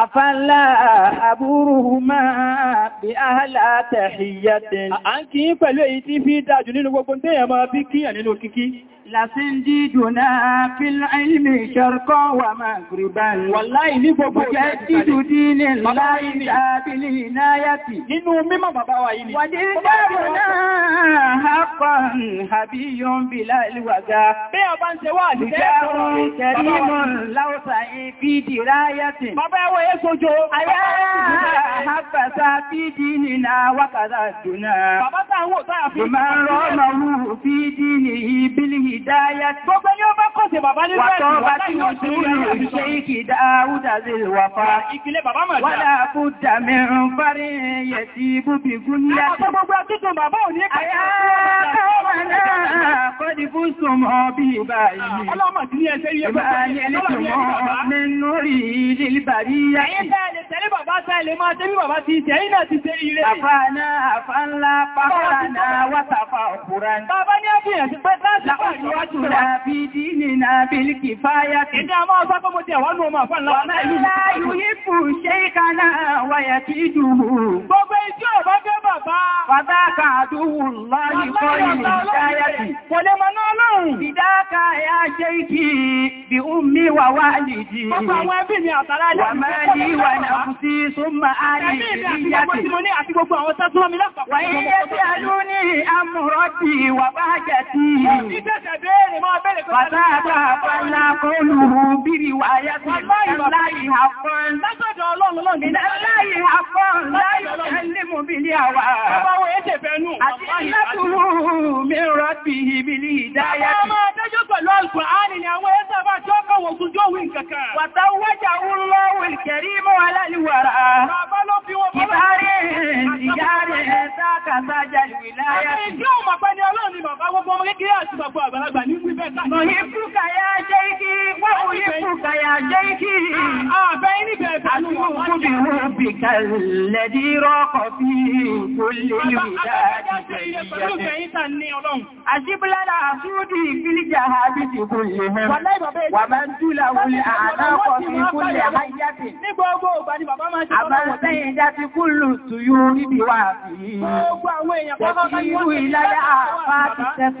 Àfánlá àbúrúhùmá bí áhàlá tẹ̀hìyàtẹ̀. A ń kìí pẹ̀lú èyí tí fi dájú nínú gbogbo tí èyàn máa bí kíyàn nínú kíkí. Làsín dídùnà fílá ilmi ṣarkọ́ wà máa gùrìbán. Wàláì ní gbogbo jẹ́ dídù dínì láì dábìlì náyàtì. Nínú mímọ̀ bàbá wa yìí ni ayé sojo. Ayá àbàsà fídí nìna wákàtà dùnà. Bàbá táà wò táà fi. Bùmá rọ́ màrú fídí ní ìbílì ìdáyà. Gbogbo ni ó bá kọ́ sí bàbá nínú ẹ̀sìn. Wàtọ́ bá tí ó ti rí ìṣe ìkì dáúdà sí ìwàfà. Ìkìlẹ̀ bàbá màjá. Wọ́n dà kú dàmì ń fárí yẹ ti búbi gúnlẹ̀. Àwọn gbogbo àtúntò bàbá ò ní kàyà. Ayá káwọn náà kọ́dí fún sọmọ bí ìbáyìí. Ọlọ́mọ̀ sí ní ẹsẹ̀ yẹ yá. Ẹ̀yìn tẹ́ lè tẹ́lé bàbá tẹ́ lè máa tẹ́ bí bàbá ti tẹ́ ìnà ti tẹ́ ilé. Àfà náà, àfà ńlá, pàpàrà náà, wátàfà ọ̀pùra. Bàbá ní ọdún ẹ̀sùn pẹ́ láti pàdé wájú rẹ̀. Àbí dí ní ka àdúhù láyé kọ́ ìlú ìdáyàtì. Kò lè mọ̀ náà lọ́rùn. Ìdáka ẹ̀ ṣe kí bí ó mi wà wá nìdí. Gbogbo àwọn ẹbí mi àtàrà wálí wà náà sí súnmà àárín ìyàtì. Wà ilé tí a ló ní àmúrọ́dì wà bá jàtì. Fàtàbà fàlá àfọ́n. Láyìí àfọ́n. Láyìí àfọ́n. Láyìí alimu bili awa. Bàbá wo ètè fẹ́nu. Àti ìlàtúrú mi rọ́bì ìbílí ìdáyà. Bàbá máa dájọ́ pẹ̀lú àlùkùn áàrin ni àwọn ẹ̀sà bá tí ó kọ̀wọ̀ ogunjọ́ wí kankan. Wàtà wájà wúlọ́ wìl kẹ̀rí mọ́ aláliwàrà. Bàbá ló fi wọn bọ́lá. Ìbáre ìyáre ẹ̀sà kàtà jàlùwì láyà. Àti ìjọ́ fọ́kọ̀ bí kò lè Àṣíbílára àṣúrúdì ìfìlìjà àbìsì kò lè mẹ́rin. Wà máa ń dúlà wọlé àdákọ̀ sí kúlẹ̀ ayáti. Ní gbogbo ọgbà ni bàbá máa ṣe ọmọ wọ̀n. Àbáṣẹ́yìn já ti kúlù tuyú níbi wà sí. Gbogbo àwọn èèyàn pọ́pọ́ kan ní wọ́n ń gbà. Àbáṣẹ́yìn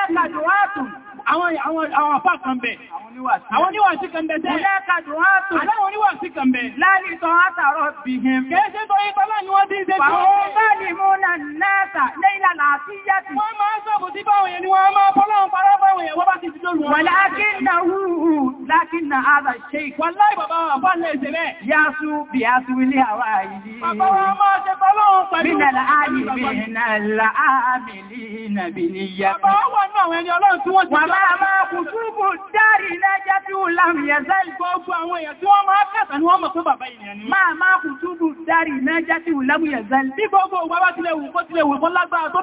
kupeleka ni watu àwọn àfá kan bẹ̀. Àwọn oníwà sí kan bẹ̀ tẹ́. Àwọn oníwà sí kan bẹ̀. Láàrín tọ́ àtàrọ̀ bí him. Kẹ́ẹ́ṣẹ́ tó yí tọ́lá ni wọ́n dín dé tí ó bá ní mú na náà lẹ́yìnlá láàáfíyà tí. Wọ́n máa sọ́bù tí báwọn yẹn ni wọ́n máa fọ́lọ́run parọ́ báwọn yẹn wọ́n bá ti dúró wọn. Wàlá kí na wúhù lákí na àdà ṣe ìkọlá ìbàbá àbá lẹ́ẹ̀ṣẹ̀ bẹ́ẹ̀. Yásù bí a tún ilé àwà yìí. Bàbá wọn máa ṣe fọ́lọ́run pẹ̀lú. Àmà kùsùbù dárì lẹ́jẹ́ tí ó lámì ẹ̀zẹ́ gbogbo àwọn èèyàn tí wọ́n máa kàtà ní wọ́n mọ̀ pé bàbá ìyẹn ni. Máa máa kùsùbù dárì lẹ́jẹ́ tí ó lámì ẹ̀zẹ́ bí gbogbo bàbá tilẹ̀ wù kó tilẹ̀ wù kó lágbára tó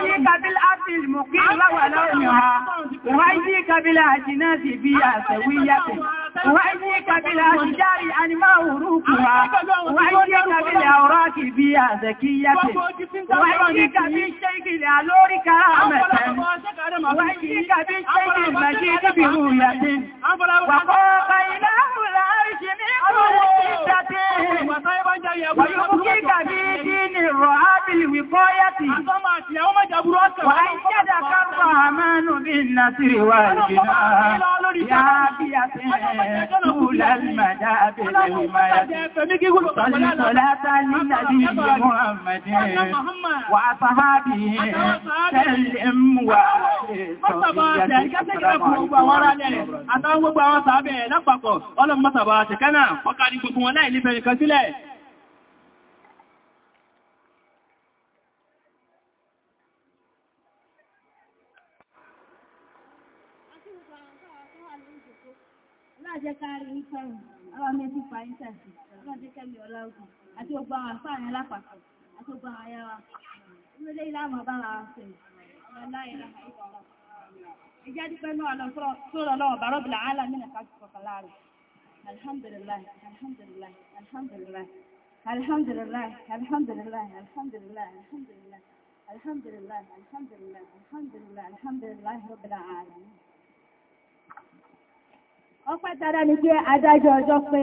kabil afil mọ̀kí láwà láwọn ha wà ní kabila àjínà sí bí àṣẹ̀wí yàtẹ̀ wà ní kabila àjíjárí ànímá òrùkù ha wà ní kabila ọ̀rọ̀kì bí àṣẹ̀kí yàtẹ̀ wà ní kabil ṣẹ́gìlẹ̀ alórí kàámẹ̀tẹ̀ wà ní kabil ṣẹ́gìlẹ̀ mẹ́jì kìbìrù yàtẹ̀ wà kọ́ bàílá Wàyúkú kí kàbí dí ni rọ̀ ábìlì wìkọ́ yàtì. Àtọ́mà àti àwọn Wà ń jẹ́dà kárùbà àmánù bí nàṣírí wà jìnà. Yá bí a ti rẹ̀ kúlà màdá abẹ̀rẹ̀ ìmáyàtì. Sọ́lì sọ́lá tàní Ọlọ́jẹ́ káàrí ní sọ́run, ọlọ́mẹ́ tí fa ní sàṣì, ọlọ́jẹ́ kẹ́mi ọlọ́gùn, àti ogbà àwọn àfáàrin alápapọ̀, àti ogbà àwọn ayára. Ilé ìlàmà bá ra ṣe, Alhamdulillah, Alhamdulillah, Alhamdulillah, Alhamdulillah, náà lọ sọ́rọ̀ lọ́wọ́ bàrọ́bìlà áàlà mí Alhamdulillah, alhamdulillah, alhamdulillah, alhamdulillah, alhamdulillah, alhamdulillah, alhamdulillah, alhamdulillah, alhamdulillah, alhamdulillah, alhamdulillah, rabbil alamin ọpẹ́ tara ni pé adájọ́ ọjọ́ pé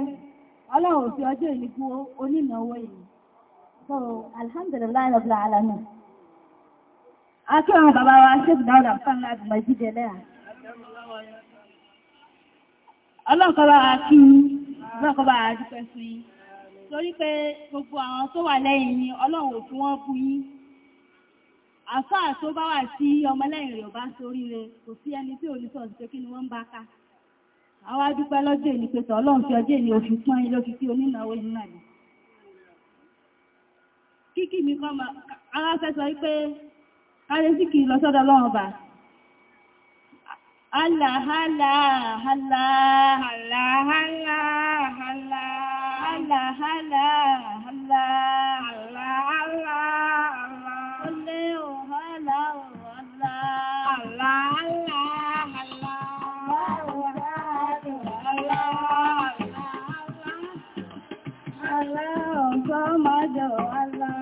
ọlọ́run fi ọjọ́ ìlú fún onínáwó yìí so alhamdulilayi rabbil alamin akẹ́wọ̀n bàbá wa ṣéèkì dáwọ̀dà tó bá wà sí ọmọlẹ́yìn rẹ̀ ọba sórí rẹ̀ kò sí ẹni tí òní sọ̀rọ̀ pé kí ni wọ́n ń bá ká àwọn adúpẹ́ lọ́jọ́ ìní pẹ̀tọ̀ ọlọ́run fi ọjọ́ ìní òfin pọ́n ilé tí onínáwó yìí náà ni mi kọ́ ara fẹ́ sọ wípé káyé sí kìí lọ sọ́dọ̀ ọlọ́run ọba lọ́dọ̀ Allah.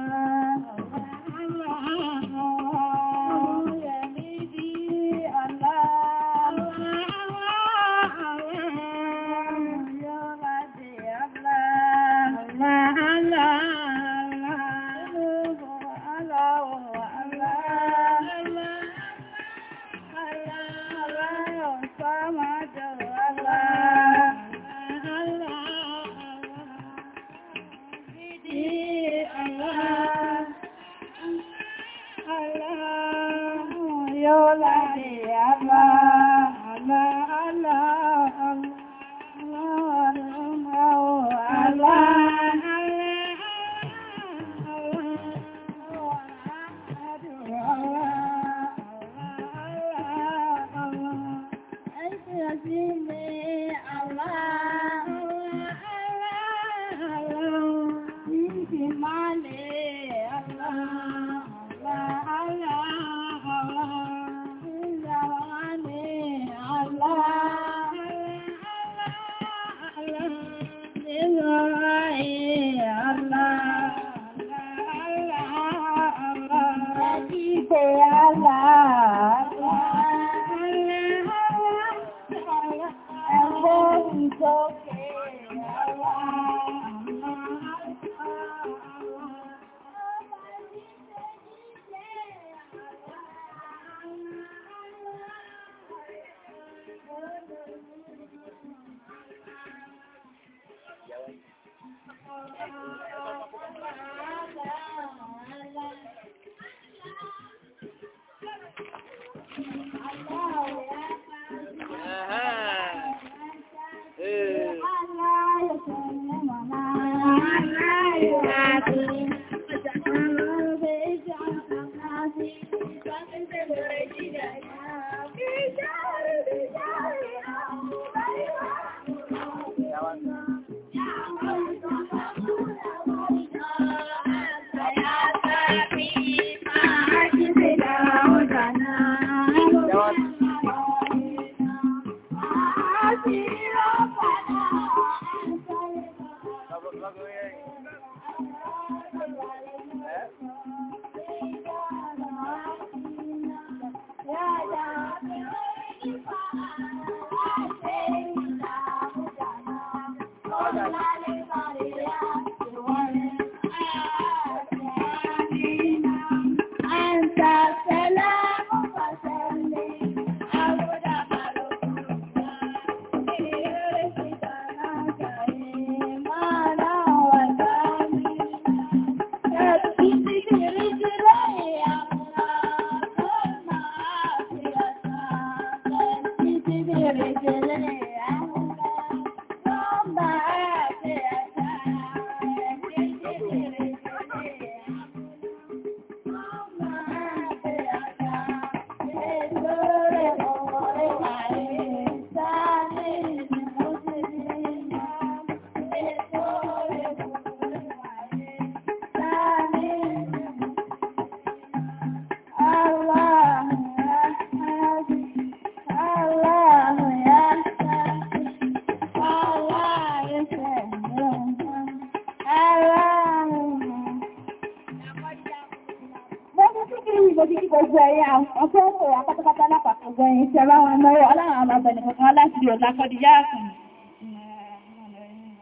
لقد جاءكم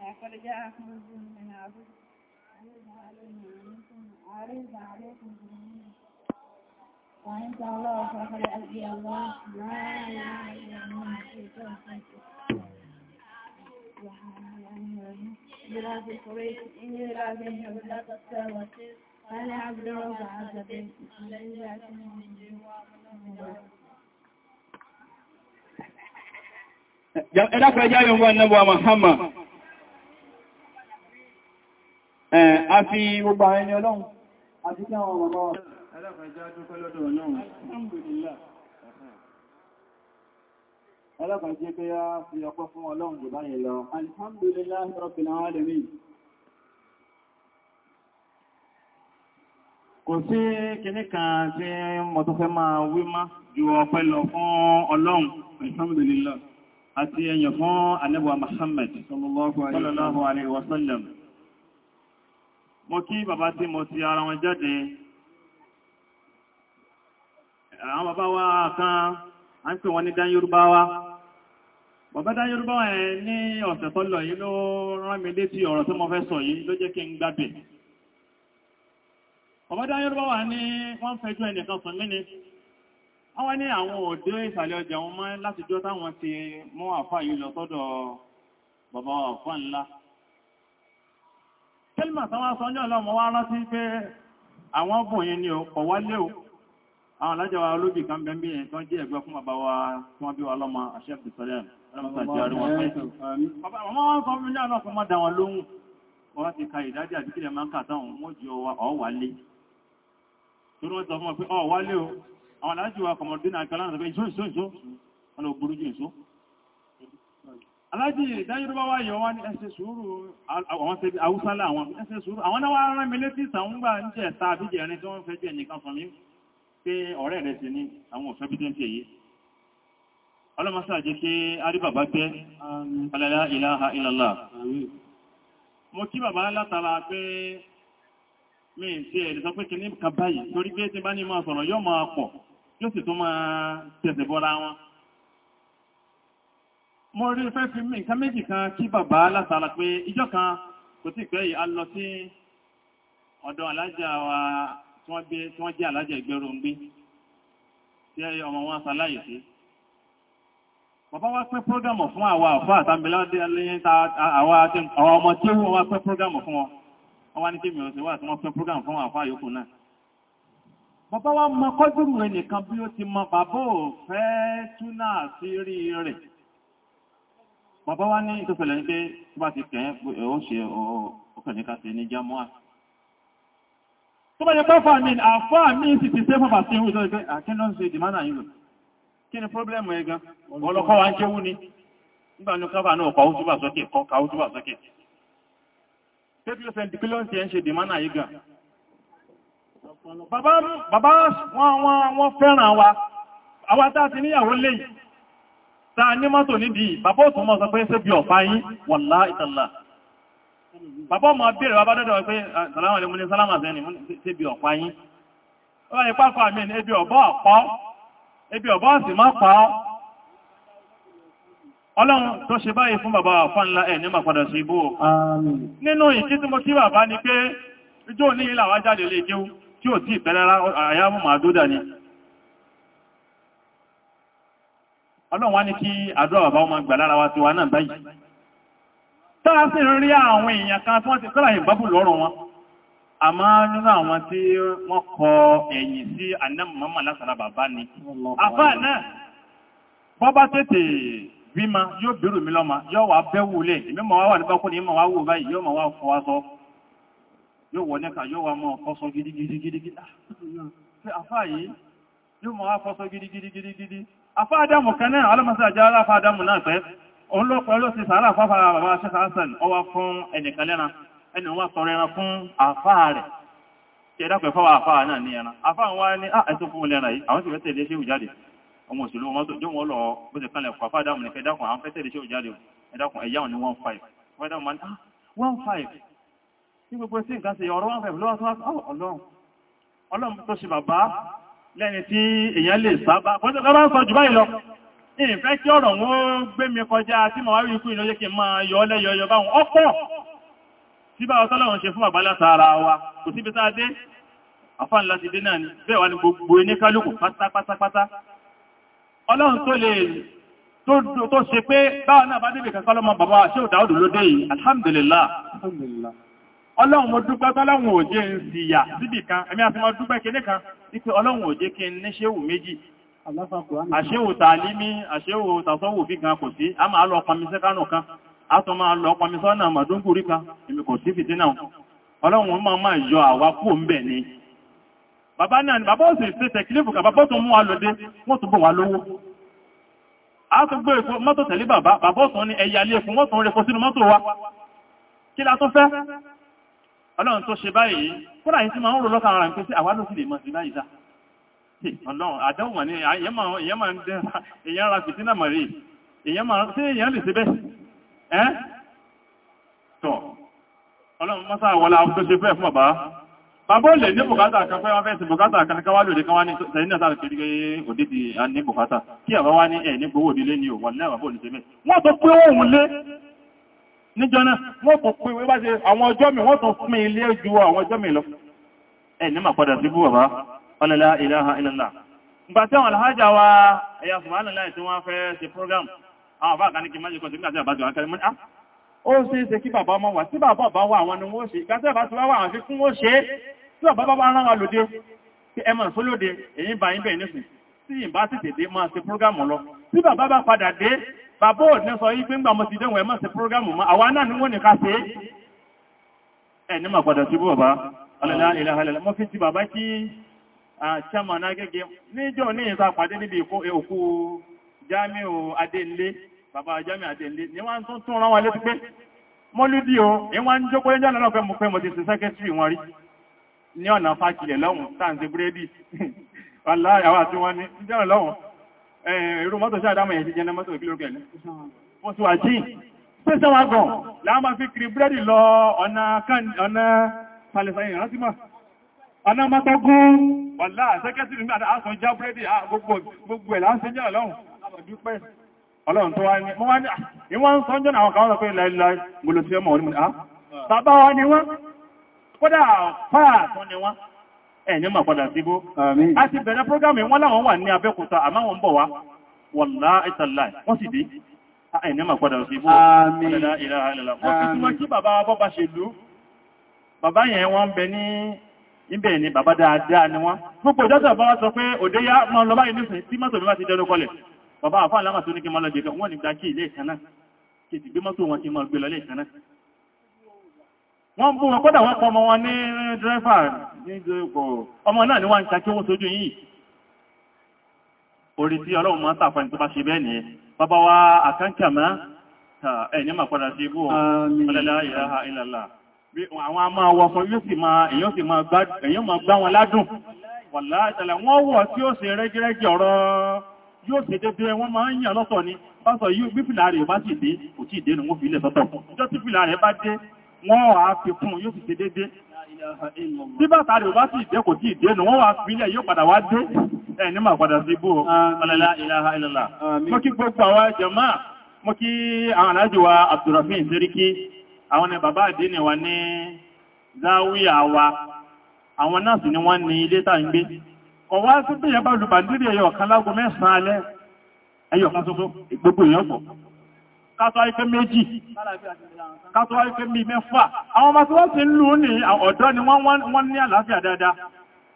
لقد جاءكم من عبد عرض عليكم وإن الله فقد أبي الله لا إله إلا هو الشيطان بلاد قريش إني لازم ولا تستوى فأنا عبد الله عز وجل لئن جاءكم من جوا ẹ̀dàkùnrin jáyọ ń wá nẹ́bọ̀ àmàhàmà a fi gbogbo àwọn ẹni ọlọ́run àti kí àwọn ọmọ Ọlọ́pàá jẹ́ pé a fi ọpọ́ fún ọlọ́run jù báyìí lọ. Alhamdulillahi Rabbil Alamin. kò sí kìní kan tí mo tó fẹ́ máa wí má ju ọpẹ́ lọ fún ọlọ́run alhamdulillah àti ẹ̀yàn fún anẹ́bùwa Muhammad sallallahu alaihi wasallam mo kí bàbá tí mo ti ara wọn jáde àwọn bàbá wa kan a ń pè wọn ní dán Yorùbáwá bàbá dán Yorùbáwá ẹ̀ ní ọ̀sẹ̀ tó lọ yìí ló rán mi létí ọ̀rọ̀ tó mo fẹ́ sọ yìí ló jẹ́ kí n gbàgbé Àwọn ní àwọn òdó ìsàlẹ̀ ọjà wọn máa láti jọ táwọn ti mọ́ àfá yìí lọ sọ́dọ̀ bàbá àfá ńlá. Tẹ́lìmà táwọn sọ ní ọlọ́mọ wá rántí pé àwọn ọbùn yìí ni ọkọ̀ wálé o. Àwọn alájọwà olóbì kan bẹ́ bí ẹ̀tọ́ jẹ́ ẹ̀gbẹ́ fún bàbá wa tí wọ́n bí wa lọ́mọ àṣẹ́ ìsọ̀lẹ̀ wọ́n ti ka ìdájẹ́ àdíkìlẹ̀ máa ń kà táwọn mọ́jú ọwà lé. Torí wọ́n sọ fún ọ pé ọ wálé o, àwọn aláàjì wa kọmọdínà àkàlà àti ìṣó ìṣó ìṣó wọn ló burú jù ìṣó aláàjì ìdájúrúbá wá yọ wá ní ẹsẹ̀ sùúrù àwọn tẹ́bí àwúsálà àwọn ẹsẹ̀ sùúrù àwọn náà wá rán mi létí ìsànwúgbà ń jẹ́ ẹ̀ta àbíjẹ̀ ẹni tó ń fẹ́ jẹ́ ẹnìkan fún mi pé ọ̀rẹ́ rẹ̀ sí ní àwọn òfẹ́ bí tẹ́ntì èyí ọlọ́mọsá jẹ́ kí aríbàbá gbẹ́ alẹ́lá ìlàhà ìlàlá mo kí bàbá látara pé mi ti ẹ̀lẹ́sọ pé kì ní kan báyìí torí pé tí bá ní máa sọ̀rọ̀ yọ́ máa pọ̀ yóò sì tún máa tẹ̀sẹ̀ bọ́ra wọn. Mo rí fẹ́ fi mí nǹkan méjì kan kí bàbá látara pé ìjọ́ kan kò tí pẹ́ yìí a lọ sí ọ̀dọ̀ alájà wa tí wọ́n jẹ́ alájà ìgbẹ́rò ń gbé tí ọmọ wọn ṣaláyè sí. Bàbá wa pẹ́ prógámù fún àwa àfá àtàmìlọ́dé lẹ́yìn àwọn ọmọ tí ó wọ́n wá pẹ́ prógámù fún wọn. Wọ́n wá ní kí mi ò sí wà tí wọ́n pẹ́ prógámù fún àfá yòókù náà bàbá wa ma kọ́dùrù rẹ̀ nìkan bí ó ti ma bàbá ò fẹ́ túnà sí rí rẹ̀ bàbá wa ní ìtọ́fẹ̀lẹ̀ pé tó bá ti kẹ́ ó ṣe ọkẹ̀níká sí ní jámọ́à tó bá yẹ pẹ́ fà mí àfà mí sì ti sẹ́fà bà sí ìwé ìtọ́fẹ̀lẹ̀ pé àkínlọ́ sí ìdìmánà yìí kí ni pọ́blẹ́mù ẹ gan ọlọ́kọ́ wa ń jẹ́wú ni nígbà ní káfà náà kọ́ káwútúbà sókè kọ́ káwútúbà sókè bàbá wọn fẹ́ràn wa àwa tá ti níyàwó lè ta ní mọ́tò nídìí bàbá ò tún mọ́ sọ pé ṣe bí ọ̀fà yín wọ̀lá ìtàlá bàbá ọmọ bèèrè bàbá dọ́dọ̀ pé ah, sàlámà lè mú ní sàlámà sẹ́ni ṣe bí ọ̀fà yín ó wáyé pápá mi ní ebi ọ̀bọ́ ọ̀pọ̀ ebi ọ̀bọ́ sì má pa ọ́ ọlọ́run tó ṣe báyìí fún bàbá ọ̀fà ńlá ẹ̀ ní màpadà sí ibú nínú ìkí tí mo kí bàbá tí ò tí ìpẹ́lára àyàmù màdúdà ni ọlọ́run wá ní kí àdúrà bàbá ọmọ gbà lára wa ti wá náà báyìí tọ́lá sí rí àwọn èèyàn kan tí wọ́n ti kọ́lá ìbábù lọ́rùn wọn àmọ́ nínú àwọn tí wọ́n kọ ẹ̀yìn sí anẹ́mọ̀mọ́ látara bàbá ni àbá náà bọ́bá tètè bímọ yóò bẹ̀rù mi lọ́mọ yóò wá bẹ́wù lẹ̀ ìmẹ́mọ̀ wá wà nípa kó ní ìmọ̀ wá wò báyìí yóò mọ̀ wá fọwọ́ yóò wọ nẹ́ka yóò wà mọ́ ọkọ́sọ gidigidigidi afá àdámù kan náà alámọ́sájá aláfá àdámù náà pẹ́ òun ló pẹ̀lú sí sàárà fáfàrà bàbá ṣẹ́sà hassan ọwá fún ẹnìkan lẹ́ran ẹni wọ́n tọrọ ẹran fún àfá rẹ̀ tí ẹ̀dàpẹ̀ fọ́wà àfá náà ní ẹran afá wá ní ah, ẹ̀tún fún lẹ́ran yìí àwọn sì fẹ́ tẹ̀lé ṣe òjáde ọmọ òṣèlú mọ́tò jọ wọn lọ bó ti kanlẹ̀ fàfá àdámù ní fẹ́ dákùn àwọn fẹ́ tẹ̀lé ṣe òjáde ẹ̀dàkùn ẹ̀yáwọn ní 15 wọ́n dákùn 15 ní gbogbo sí nǹkan sí ọ̀rọ̀ wọ́n fẹ̀mù lọ́wọ́ tó wá oh, ọlọ́run ọlọ́run tó ṣe bàbá lẹ́ni tí èèyàn lè sábà bọ́jọ́ bá ń sọ jù báyìí lọ ìfẹ́ tí ọ̀rọ̀ wọ́n gbé mi kọjá tí màá rí ikú ìlọ́jẹ́ kí n máa yọ lẹ́yọyọ báwọn ọ̀pọ̀ tí bá ọtọ́lọ́run ṣe fún bàbá látara wa kò síbi tá a dé àfáà ńlá ti dé náà ni bẹ́ẹ̀ wá ní gbogbo ẹni kálukú pátápátápátá ọlọ́run tó lè tó ṣe pé báwọn náà bá débì kankan lọ́mọ bàbá ṣé ò dáwọ́dù ló yìí alhamdulillah alhamdulillah ọlọ́run mo dúpẹ́ tọ́lọ́run ò jẹ́ ń síyà síbì kan ẹ̀mí àti mo dúpẹ́ kinní kan wípé ọlọ́run ò jẹ́ kí n ní ṣéwù méjì àṣéwù tààlímí àṣéwù tàṣọ́wù bí kan kò sí a máa lọ pami sẹ́kánù kan a tún máa lọ pami sọ́nà màdúngúrí kan èmi kò sí fìtínà ọlọ́run máa máa yọ àwa tó gbé èkó mọ́tò tẹ̀lé bàbá bàbá òsùn ní ẹ̀yà ilé ẹkùn wọ́n tún rẹ̀ sínú mọ́tò wa kí la tún fẹ́ ọlọ́run tó ṣe báyìí kódà yìí tí máa ń rò lọ́kàn ara ń pé sí àwádò sí lè mọ̀ sí báyìí dá ọlọ́run àdánwò ní èyàn máa ń dẹ́ èyàn ara fìtínà mọ̀rí èyàn máa ṣe èyàn lè ṣe bẹ́ẹ̀ ẹ́ tọ̀ ọlọ́run mọ́sá wọlá tó ṣe fẹ́ fún bàbá bàbá ò lè ní bùkátà kan fẹ́ wọ́n fẹ́ sí bùkátà kan káwá lòdì kan wá ní sẹ́yìn náà sáré pẹ̀lú òdí ti ní bùkátà kí àbá wá ní ẹ̀ ní gbowó òdílé ní òwò náà bàbá ò lè ṣe bẹ́ẹ̀ wọ́n tó pé òun lé níjọ́nà wọ́n tún pín wípá ṣe àwọn ọjọ́ mi wọ́n tún pín ilé ju àwọn ọjọ́ mi lọ ẹni mà padà sí búwà bá ọlọ́lá ìlàhà ìlàlá ìgbà tí àwọn alhájá wa ẹ̀yà sùmánàlá tí wọ́n fẹ́ ṣe program àwọn bá kaníkì májì kan sígbà tí àbájọ akẹ́rẹ́ mọ́ ah! ó ṣe é ṣe kí bàbá ọmọ wà tí bàbá bá wà àwọn ni wọ́n ṣe ìgbà tí àbájọ wà àwọn fikún wọ́n ṣe tí bàbá bá bá rán wa lòdì tí ẹ máa fólóde èyí bá yín bẹ̀ nísìn tí ìbá tètè dé máa ṣe program lọ tí bàbá bá padà dé bàbá òdí sọ yí pé ń gbà mọ́ ti dẹ́wọ̀n ẹmọ́ sí prógámù mọ́ àwọn náà ni wọ́n ní ká ṣe ẹ̀ ní màgbàdà sí bú bàbá alẹ́lá ìlàhàlẹ́lá mọ́ fi ti bàbá kí chairman agẹ́gẹ́ níjọ́ ní ìta pàdé níbi òkú Jamiu Adéńlé bàbá Jamiu Adéńlé ni wọ́n tún tún rán wa o ìwọ́n ń jókòó lẹ́jọ́ náà fẹ́ mú pé mo ti ṣe sẹ́kẹ́tìrì wọn rí ní ọ̀nà fàkìlẹ̀ lọ́hùn táǹsì búrẹ́dì wàláhì àwọn àti wọn ní ẹ̀rù eh, mọ́tò ṣáàdámọ̀ ẹ̀sì jẹ́ mọ́tò ìkílórúkẹ̀ ní fọ́síwájí pẹ́sẹ̀wàgàn láàmà fi kiri búrẹ́dì lọ ọ̀nà palẹ̀sáyìn rásímà ọ̀nà mọ́tọ́gún wàlá sẹ́kẹ́sì nígbà àṣọ já búrẹ́dì gbogbo ẹ̀ láńsẹ́ jẹ́ ọlọ́run ọlọ́run tó wá ní ah, wọ́n ń sọ́jọ́ àwọn kan sọ pé láìláì gbòlòtí ọmọ orí mú ní á bàbá wa ni wọ́n kódà fáà tán ni wọ́n ẹ̀yìn mà padà síbó. a ti bẹ̀rẹ̀ prógámì wọ́n láwọn wà ní Abẹ́òkúta àmọ́ wọ́n bọ̀ wá wọ̀lá ìtàláì wọ́n sì dé ẹ̀yìn mà padà síbó. bàbá yẹn wọ́n bẹ ní ibẹ̀ ni bàbá dáadáa ni wọ́n gbogbo ìjọ́sọ̀ bá wọ́n sọ pé òde yá máa lọ báyìí nísìn tí mọ́tò bí wá ti dẹnu kọlẹ̀ bàbá àfáà lámà tó ní kí máa lọ jẹ́ kan e wọ́n ní gbá kí ilé ìkaná kí ti gbé mọ́tò wọn kí máa gbé lọ ilé ìkaná wọ́n bú wọn kọ́dà wọ́n pọ̀ ọmọ wọn ní dírẹ́fà ọmọ náà ni wọ́n ń ṣàkí owó sójú yìí orí tí ọlọ́run máa tàfà ní tó bá ṣe bẹ́ẹ̀ ni bàbá wa àkánkàmá ẹ̀yìn máa padà ṣe bú àwọn a máa wọ fún yóò sì máa gbá wọn ládùn wàlá ìtàlà wọ́n wọ̀ tí ó ṣe rẹ́gẹ́rẹ́gẹ́ ọ̀rọ̀ yóò ṣe dédé wọ́n máa ń yàn lọ́tọ̀ ni bá sọ yóò bí fìlà rẹ̀ bá sì dé kò tí ìdénú wọ́n wà á fi kún yóò fi ṣe dédé bí bàtà rẹ̀ bá sì ìdẹ́kò tí ìdẹ́nu wọ́n wà fílẹ̀ yóò padà wá dé ẹni máa padà sí bó ọlọ́lá ìlàhà ìlàlá mo kí gbogbo àwọn jàmá mo kí àwọn alájò wa Abdurrahman Sẹ́ríkí àwọn ni bàbá àdínì wa ní záwíyà wa àwọn náà sì ni wọ́n ní ilé tàà ń gbé ọwá sí bí ẹbá lùbàndírí ẹyọ kan lágún mẹ́sàn-án alẹ́ ẹyọ kan ṣoṣo gbogbo èèyàn pọ̀ kátọ́ ayẹ́fẹ́ méjì kátọ́ ayẹ́fẹ́ mi mẹ́fà àwọn ọmọ tí wọ́n ti ń lù ní ọ̀dọ́ ni wọ́n ní àlàáfíà dáadáa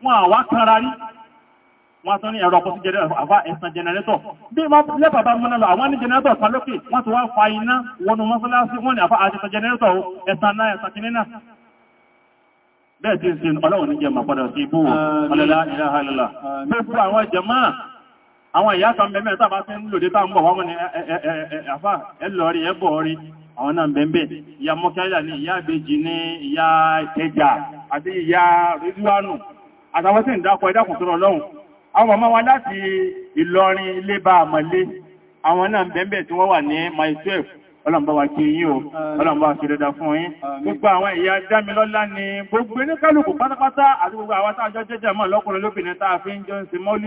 wọ́n àwá kanra rí wọ́n tán ní ẹ̀rọ ọ̀pọ̀sí jẹnẹrétọ̀ bí lẹ́bàá bá múnà lọ àwọn ní jẹnẹrétọ̀ kan lókè wọ́n ti wá fa iná wọnú mọ́sálásí wọ́n ní àfá àjẹsọ jẹnẹrétọ̀ ẹ̀sàn náà ẹ̀sàn kìnnínà bẹ́ẹ̀ tí ń sin ọlọ́run ní jẹ́ mọ̀ padà sí ibú ọlọ́lá ìlàhàlọ́lá gbogbo àwọn jẹmáà àwọn ìyá kan bẹ̀mẹ̀ tàbá tí ń lòdé tàà ń bọ̀ wọ́n ni àfà ẹlọ́rí ẹbọ̀ rí àwọn náà bẹ̀mẹ̀ ìyá mọ́kẹ́lá ní ìyá ìbejì ní ìyá ẹjà àti ìyá ríduánù àtàwọn tí ń dákọ ẹdákùn tó lọ́hùn àwọn màmá wa láti Ìlọrin ilé bá àmọ́lé àwọn náà bẹ̀mẹ̀ tí wọ́n wà ní my 12 ọlọ́mbà wa kí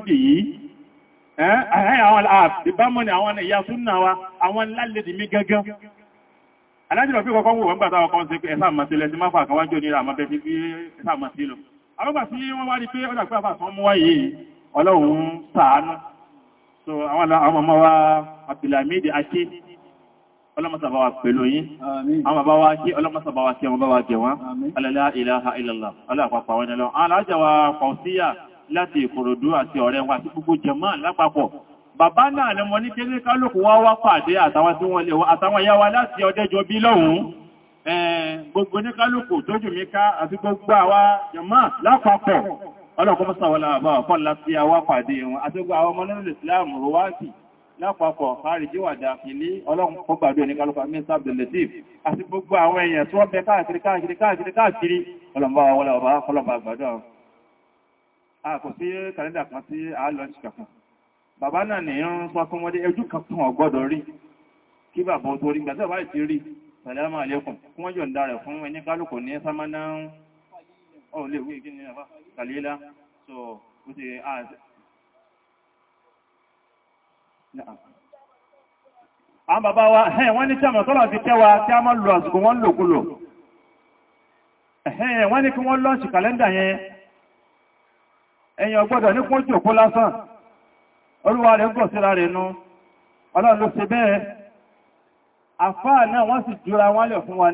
yí o àwọn àbámọ́ ah, ni àwọn ìyá súnnà wa àwọn lálẹ́dì mi gẹ́gẹ́ alájìrọ̀ pí kọ́kọ́ wò wọ́n gbàtà ọkọ̀ sí ẹ̀sàmàsílẹ̀ sí máfà kan wájú onírà àmọ́bẹ̀ fi fi ẹ̀sàmàsílò alọ́gbà sí wọ́n wá rí pé ọdà pé àfàsán mú wáyé ọlọ́run sàánú so àwọn ọmọ wa Abdulhamid Aké ọlọ́mọsàbáwà pẹ̀lú yín àwọn bàbá wa kí ọlọ́mọsàbáwà kí ọmọ bá wa jẹ wọn alẹ́lá ìlàhà ìlàlá ọlọ́pàá wọn lọ alájọwà pàùsíyà láti ìkòròdú àti ọ̀rẹ́ wa sí gbogbo jẹmọ́ lápapọ̀ bàbá náà ni mo ní kéré kálùkù wá wá pàdé àtàwọn ìyá wa láti ọdẹ́jọ bí lọ́hùn gbogbo ní kálùkù tójú mi ká àti gbogbo àwa jẹmọ́ lápapọ̀ ọlọ́kọ́mọ́sàwọ́lá àbá ọ̀pọ̀ láti àwa pàdé wọn àti gbogbo àwọn ọmọ nílùú ìsìláàmù rọwátì lápapọ̀ àríjíwàdà fìlí ọlọ́run kó gbàdúrà ní kálùkù mẹ́sà abdullatif àti gbogbo àwọn èèyàn tí wọ́n bẹ káàkiri káàkiri káàkiri káàkiri ọlọ́mbà wọlọ́bà kọlọ́mbà gbàdúrà àkò sí kàlẹ́ndà kan sí àálọ́ọ̀ṣì kankan bàbá náà ní ń sọ fún wọ́n dé ẹjú kankan ọgbọ́dọ̀ rí kí bàbá tó rí gbàtẹ́ bá ti rí sàlámà àlékùn kí wọ́n yọ̀ǹda rẹ̀ fún ẹni kálùkù ní sámánà ọ̀ lè wí gíní àbá kàlílá so ó ti àwọn bàbá wa ẹ̀ wọ́n ní sẹ́mọ̀ tọ́lọ̀ ti tẹ́wa tí a máa lò àsìkò wọ́n lòkulò ẹ̀hẹ́ wọ́n ní kí wọ́n lọ́ọ̀ṣì kàlẹ́ndà yẹn ẹ̀yìn ọgbọ́dọ̀ ní kún jòkó lásán olúwa rẹ̀ gọ̀ síra rẹ̀ nú ọlọ́run ló ṣe bẹ́ẹ̀ àfáà náà wọ́n sì jura wọ́n lẹ̀ fún wa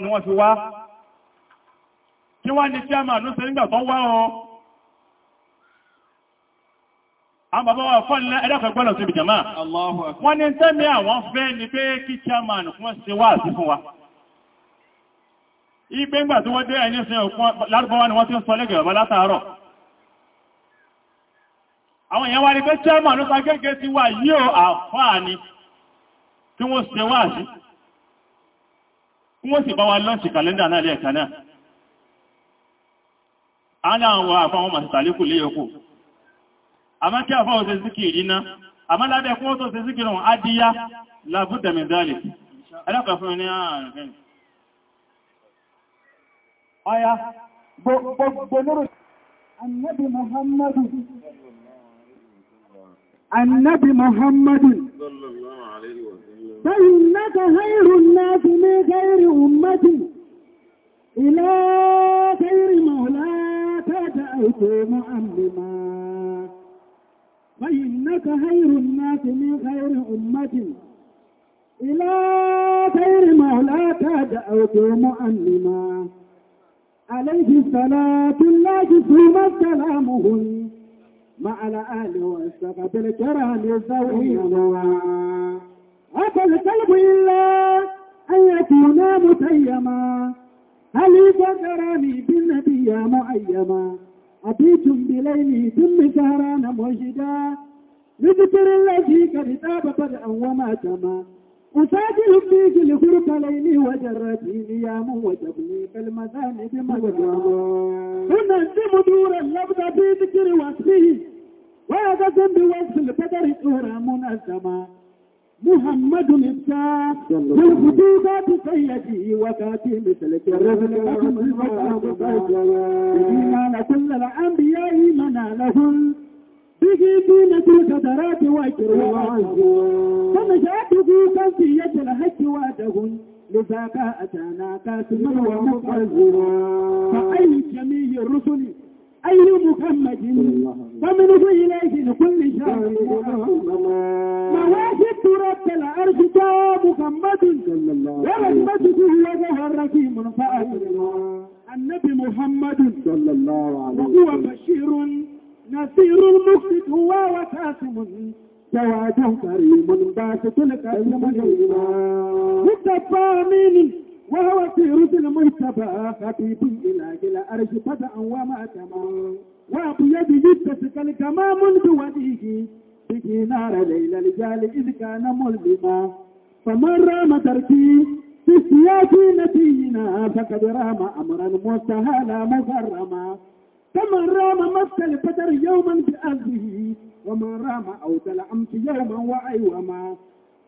ni wọ́n fi wá kí wá ní kí a máa ló ṣe nígbà tó wá wọn àwọn bàbá wa fọ́ nílẹ̀ ẹ̀dẹ́kọ̀ gbọ́lọ̀ sí ibi jàmáà wọ́n ní tẹ́mí àwọn fẹ́ ni pé kí chairman fún ṣe wá àti fún wa ìgbé ńgbà tí wọ́n dé ẹni ṣe òkun lárúbọ́wá ni wọ́n ti ń sọ lẹ́gẹ̀ẹ́ ọba látàárọ̀ àwọn èèyàn wá rí pé chairman ló sagẹ́gẹ́ ti wà yíò àfáà ni tí wọ́n ṣe wá sí wọ́n sì bá wa lọ́ọ̀ṣì kàlẹ́ndà náà lẹ́ẹ̀ka náà a ní àwọn àfáwọn màtàlékù léyọkù àmá kí àfáwọn ṣe síkì ìdíná àmá lábẹ́ ọya gbogbo lórí annabi muhammadu annabi muhammadu bayin naka hairun nasu ne gairi ummati ila gairi maula ta ta aiko mu'allima bayin naka hairun nasu ne gairi ummati إلى خير مولاك دعوت مؤلما عليه صلاة لا جسم سلامه مع الآل والصحبة الكرام يزوينها أبى القلب إلا أن يكون متيما هل فكرني بالنبي مؤيما أبيت بليلي ثم سهران مجدا لذكر الذي قد تاب بدءا وما تما أسادر فيك لغرب ليلي وجرتيني يا موجبني في المذانب مجرم أنزم دور اللبد بذكر وصفه ويغزم بوصف البدر دورا منظما محمد الإبتاء بالخطوبات سيدي وكاتم سلك الرجل وكاتم الإيمان كل الأنبياء منالهم به دونة القدرات والكروان فنشاته كنفية الحج وادهن لذاك أتانا كاسم ومقذر فأي جميع الرسل أي محمد فمنه إليه لكل شهر مواجد رب العرش جاء محمد ورحمته وظهر رحيم فأسر النبي محمد صلى الله عليه وسلم وهو بشير نصير المفسد هو وساسم جواده كريم باسط الكريم مصطفى مني وهو سيرة المجتبى خطيب إلى إلى أرش بدأ وما تمام وبيده يتسك الكمام بوجهه به نار ليل الجال إذ كان ملزما فمن رام تركي في سياسي نبينا فقد رام أمرا مستهالا مكرما فمن رام مثل بدر يوما بأهله ومن رام أو دلعمت يوما وأيوما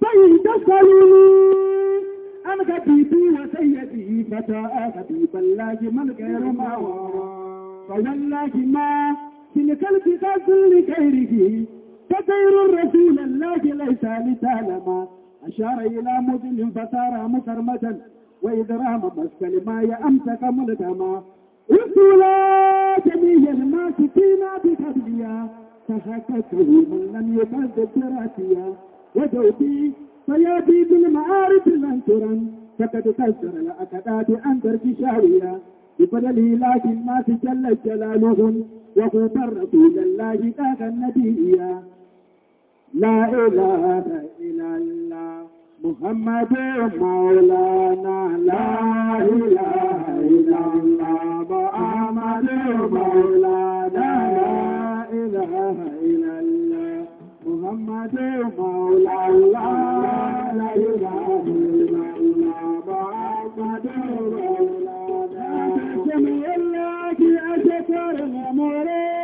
سيد سليم أنا كبيبي وسيدي فتاة خبيب الله من غير ما وراء فلله ما تلك التقاس لغيره فخير الرسول الله ليس لتعلم أشار إلى مدن فترى مكرمة وإذ رام مسك ما يأمسك ملتما رسولا جميع الماسكين بفضلها فحكته من لم يكذب براسيا وجودي فياتي بالمعارف المنكرا فقد كسر الاكداد عن ترك شاوية بفضله لكن الناس جل جلالهم وقوت الرسول الله ذاك النبي لا اله الا الله محمد مولانا لا إله إلا الله محمد مولانا لا إله إلا الله محمد مولانا لا إله إلا الله محمد مولانا بسم الله أشكر المريد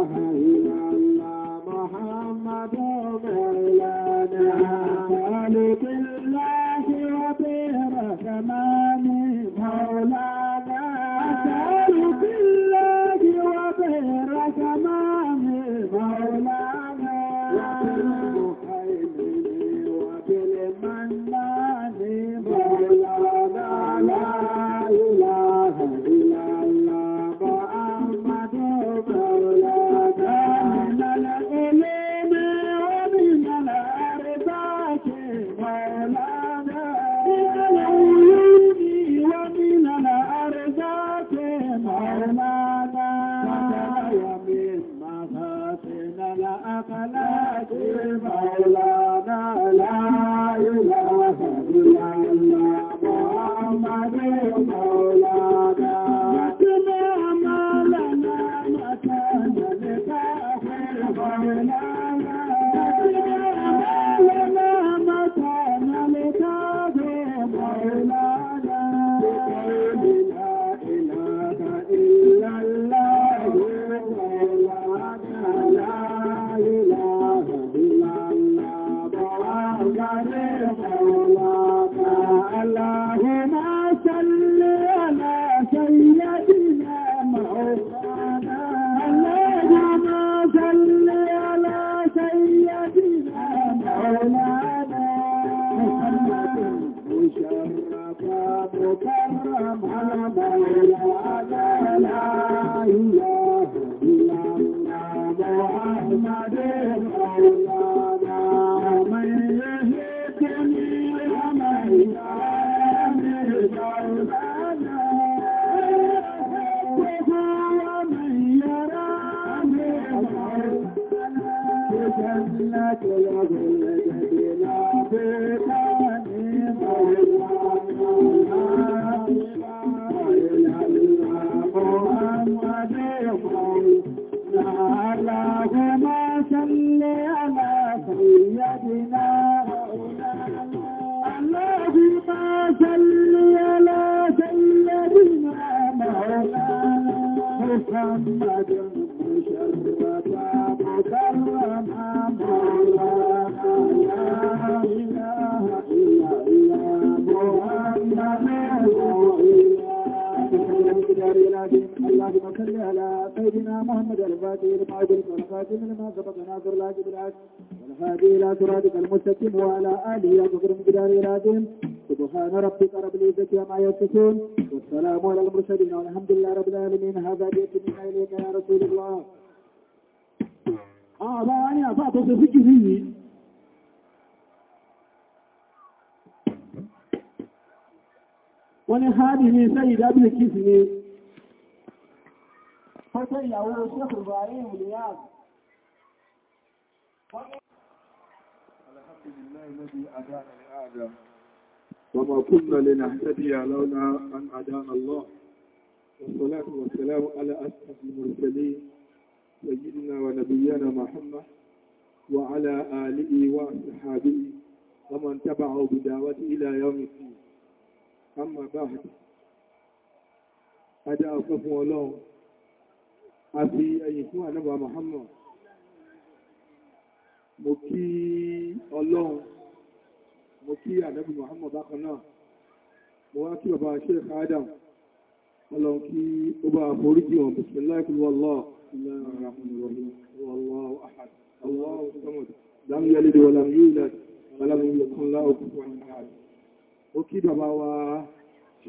Amen. bí kí fi ní pẹ́tẹ́ ìyàwó ṣẹ́kù Ibrahim Niyaz وما كنا لنهتدي لولا أن هدانا الله والصلاة والسلام على أسعد المرسلين سيدنا ونبينا محمد وعلى آله وصحابه ومن تبعه بدعوته إلى يوم الدين أما بعد adá ọ̀pẹ́ fún ọlọ́run a fi ẹ̀yìn fún ànábà Muhammad mo kí ọlọ́run mo kí ànábà Muhammad bákan náà mo wá kí bàbá Sheikh Adam ọlọ́run kí ó bá foríjì wọn bismillah wallahu wallahu ahad Allahu samad lam yalid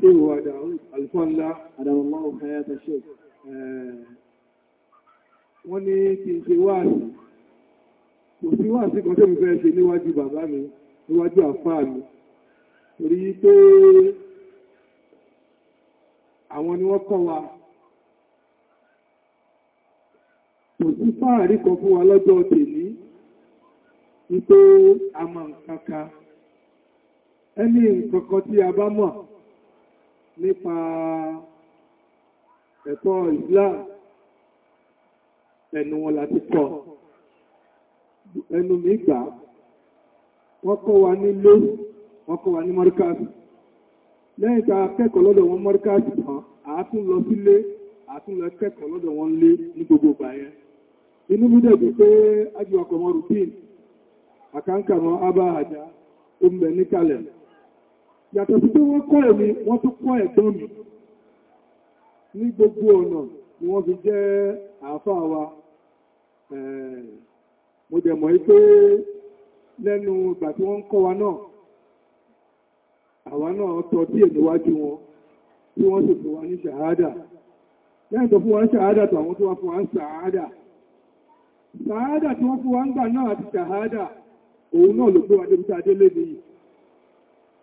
ṣéwò àdáhùn alfọ́nlá àdàmọ́mọ́ òkàyàtà ṣe wọ́n ní kí n ṣe wáàsí kò sí wáàsí kan tó mi fẹ́ ṣe níwájú bàbá mi níwájú àfáà mi torí pé àwọn ni wọ́n kọ́ wa kò sí fáàrí kan fún wa lọ́jọ́ tèmi wípé a máa ẹni nǹkan kan tí a bá mọ̀ nípa ẹ̀kọ́ Islam ẹnu wọn láti kọ́ ẹnu mi gbà wọ́n kọ́ wa ní lórí wọ́n kọ́ wa ní mọ́ríkàsì lẹ́yìn tá a kẹ́kọ̀ọ́ lọ́dọ̀ wọn mọ́ríkàsì tán àátún lọ sílé àátún lọ kẹ́kọ̀ọ́ lọ́dọ̀ wọn lé ní gbogbo ìgbà yẹn inú mi dẹ̀ bí pé ajíwakọ̀ mọ́ rupin àkáǹkà mọ́ abá ó ń bẹ níkàlẹ̀ yàtọ̀ sí pé wọ́n kọ́ ẹ̀mí wọ́n tún kọ́ ẹ̀gbọ́n mi ní gbogbo ọ̀nà ni fi jẹ́ àáfáà wa mo dẹ̀ mọ̀ lẹ́nu ìgbà tí wọ́n kọ́ wa náà àwa náà tọ́ díẹ̀ níwájú wọn tí wọ́n sì fún ní lẹ́yìn tó fún ní tó àwọn tó fún wa ní tí wọ́n fún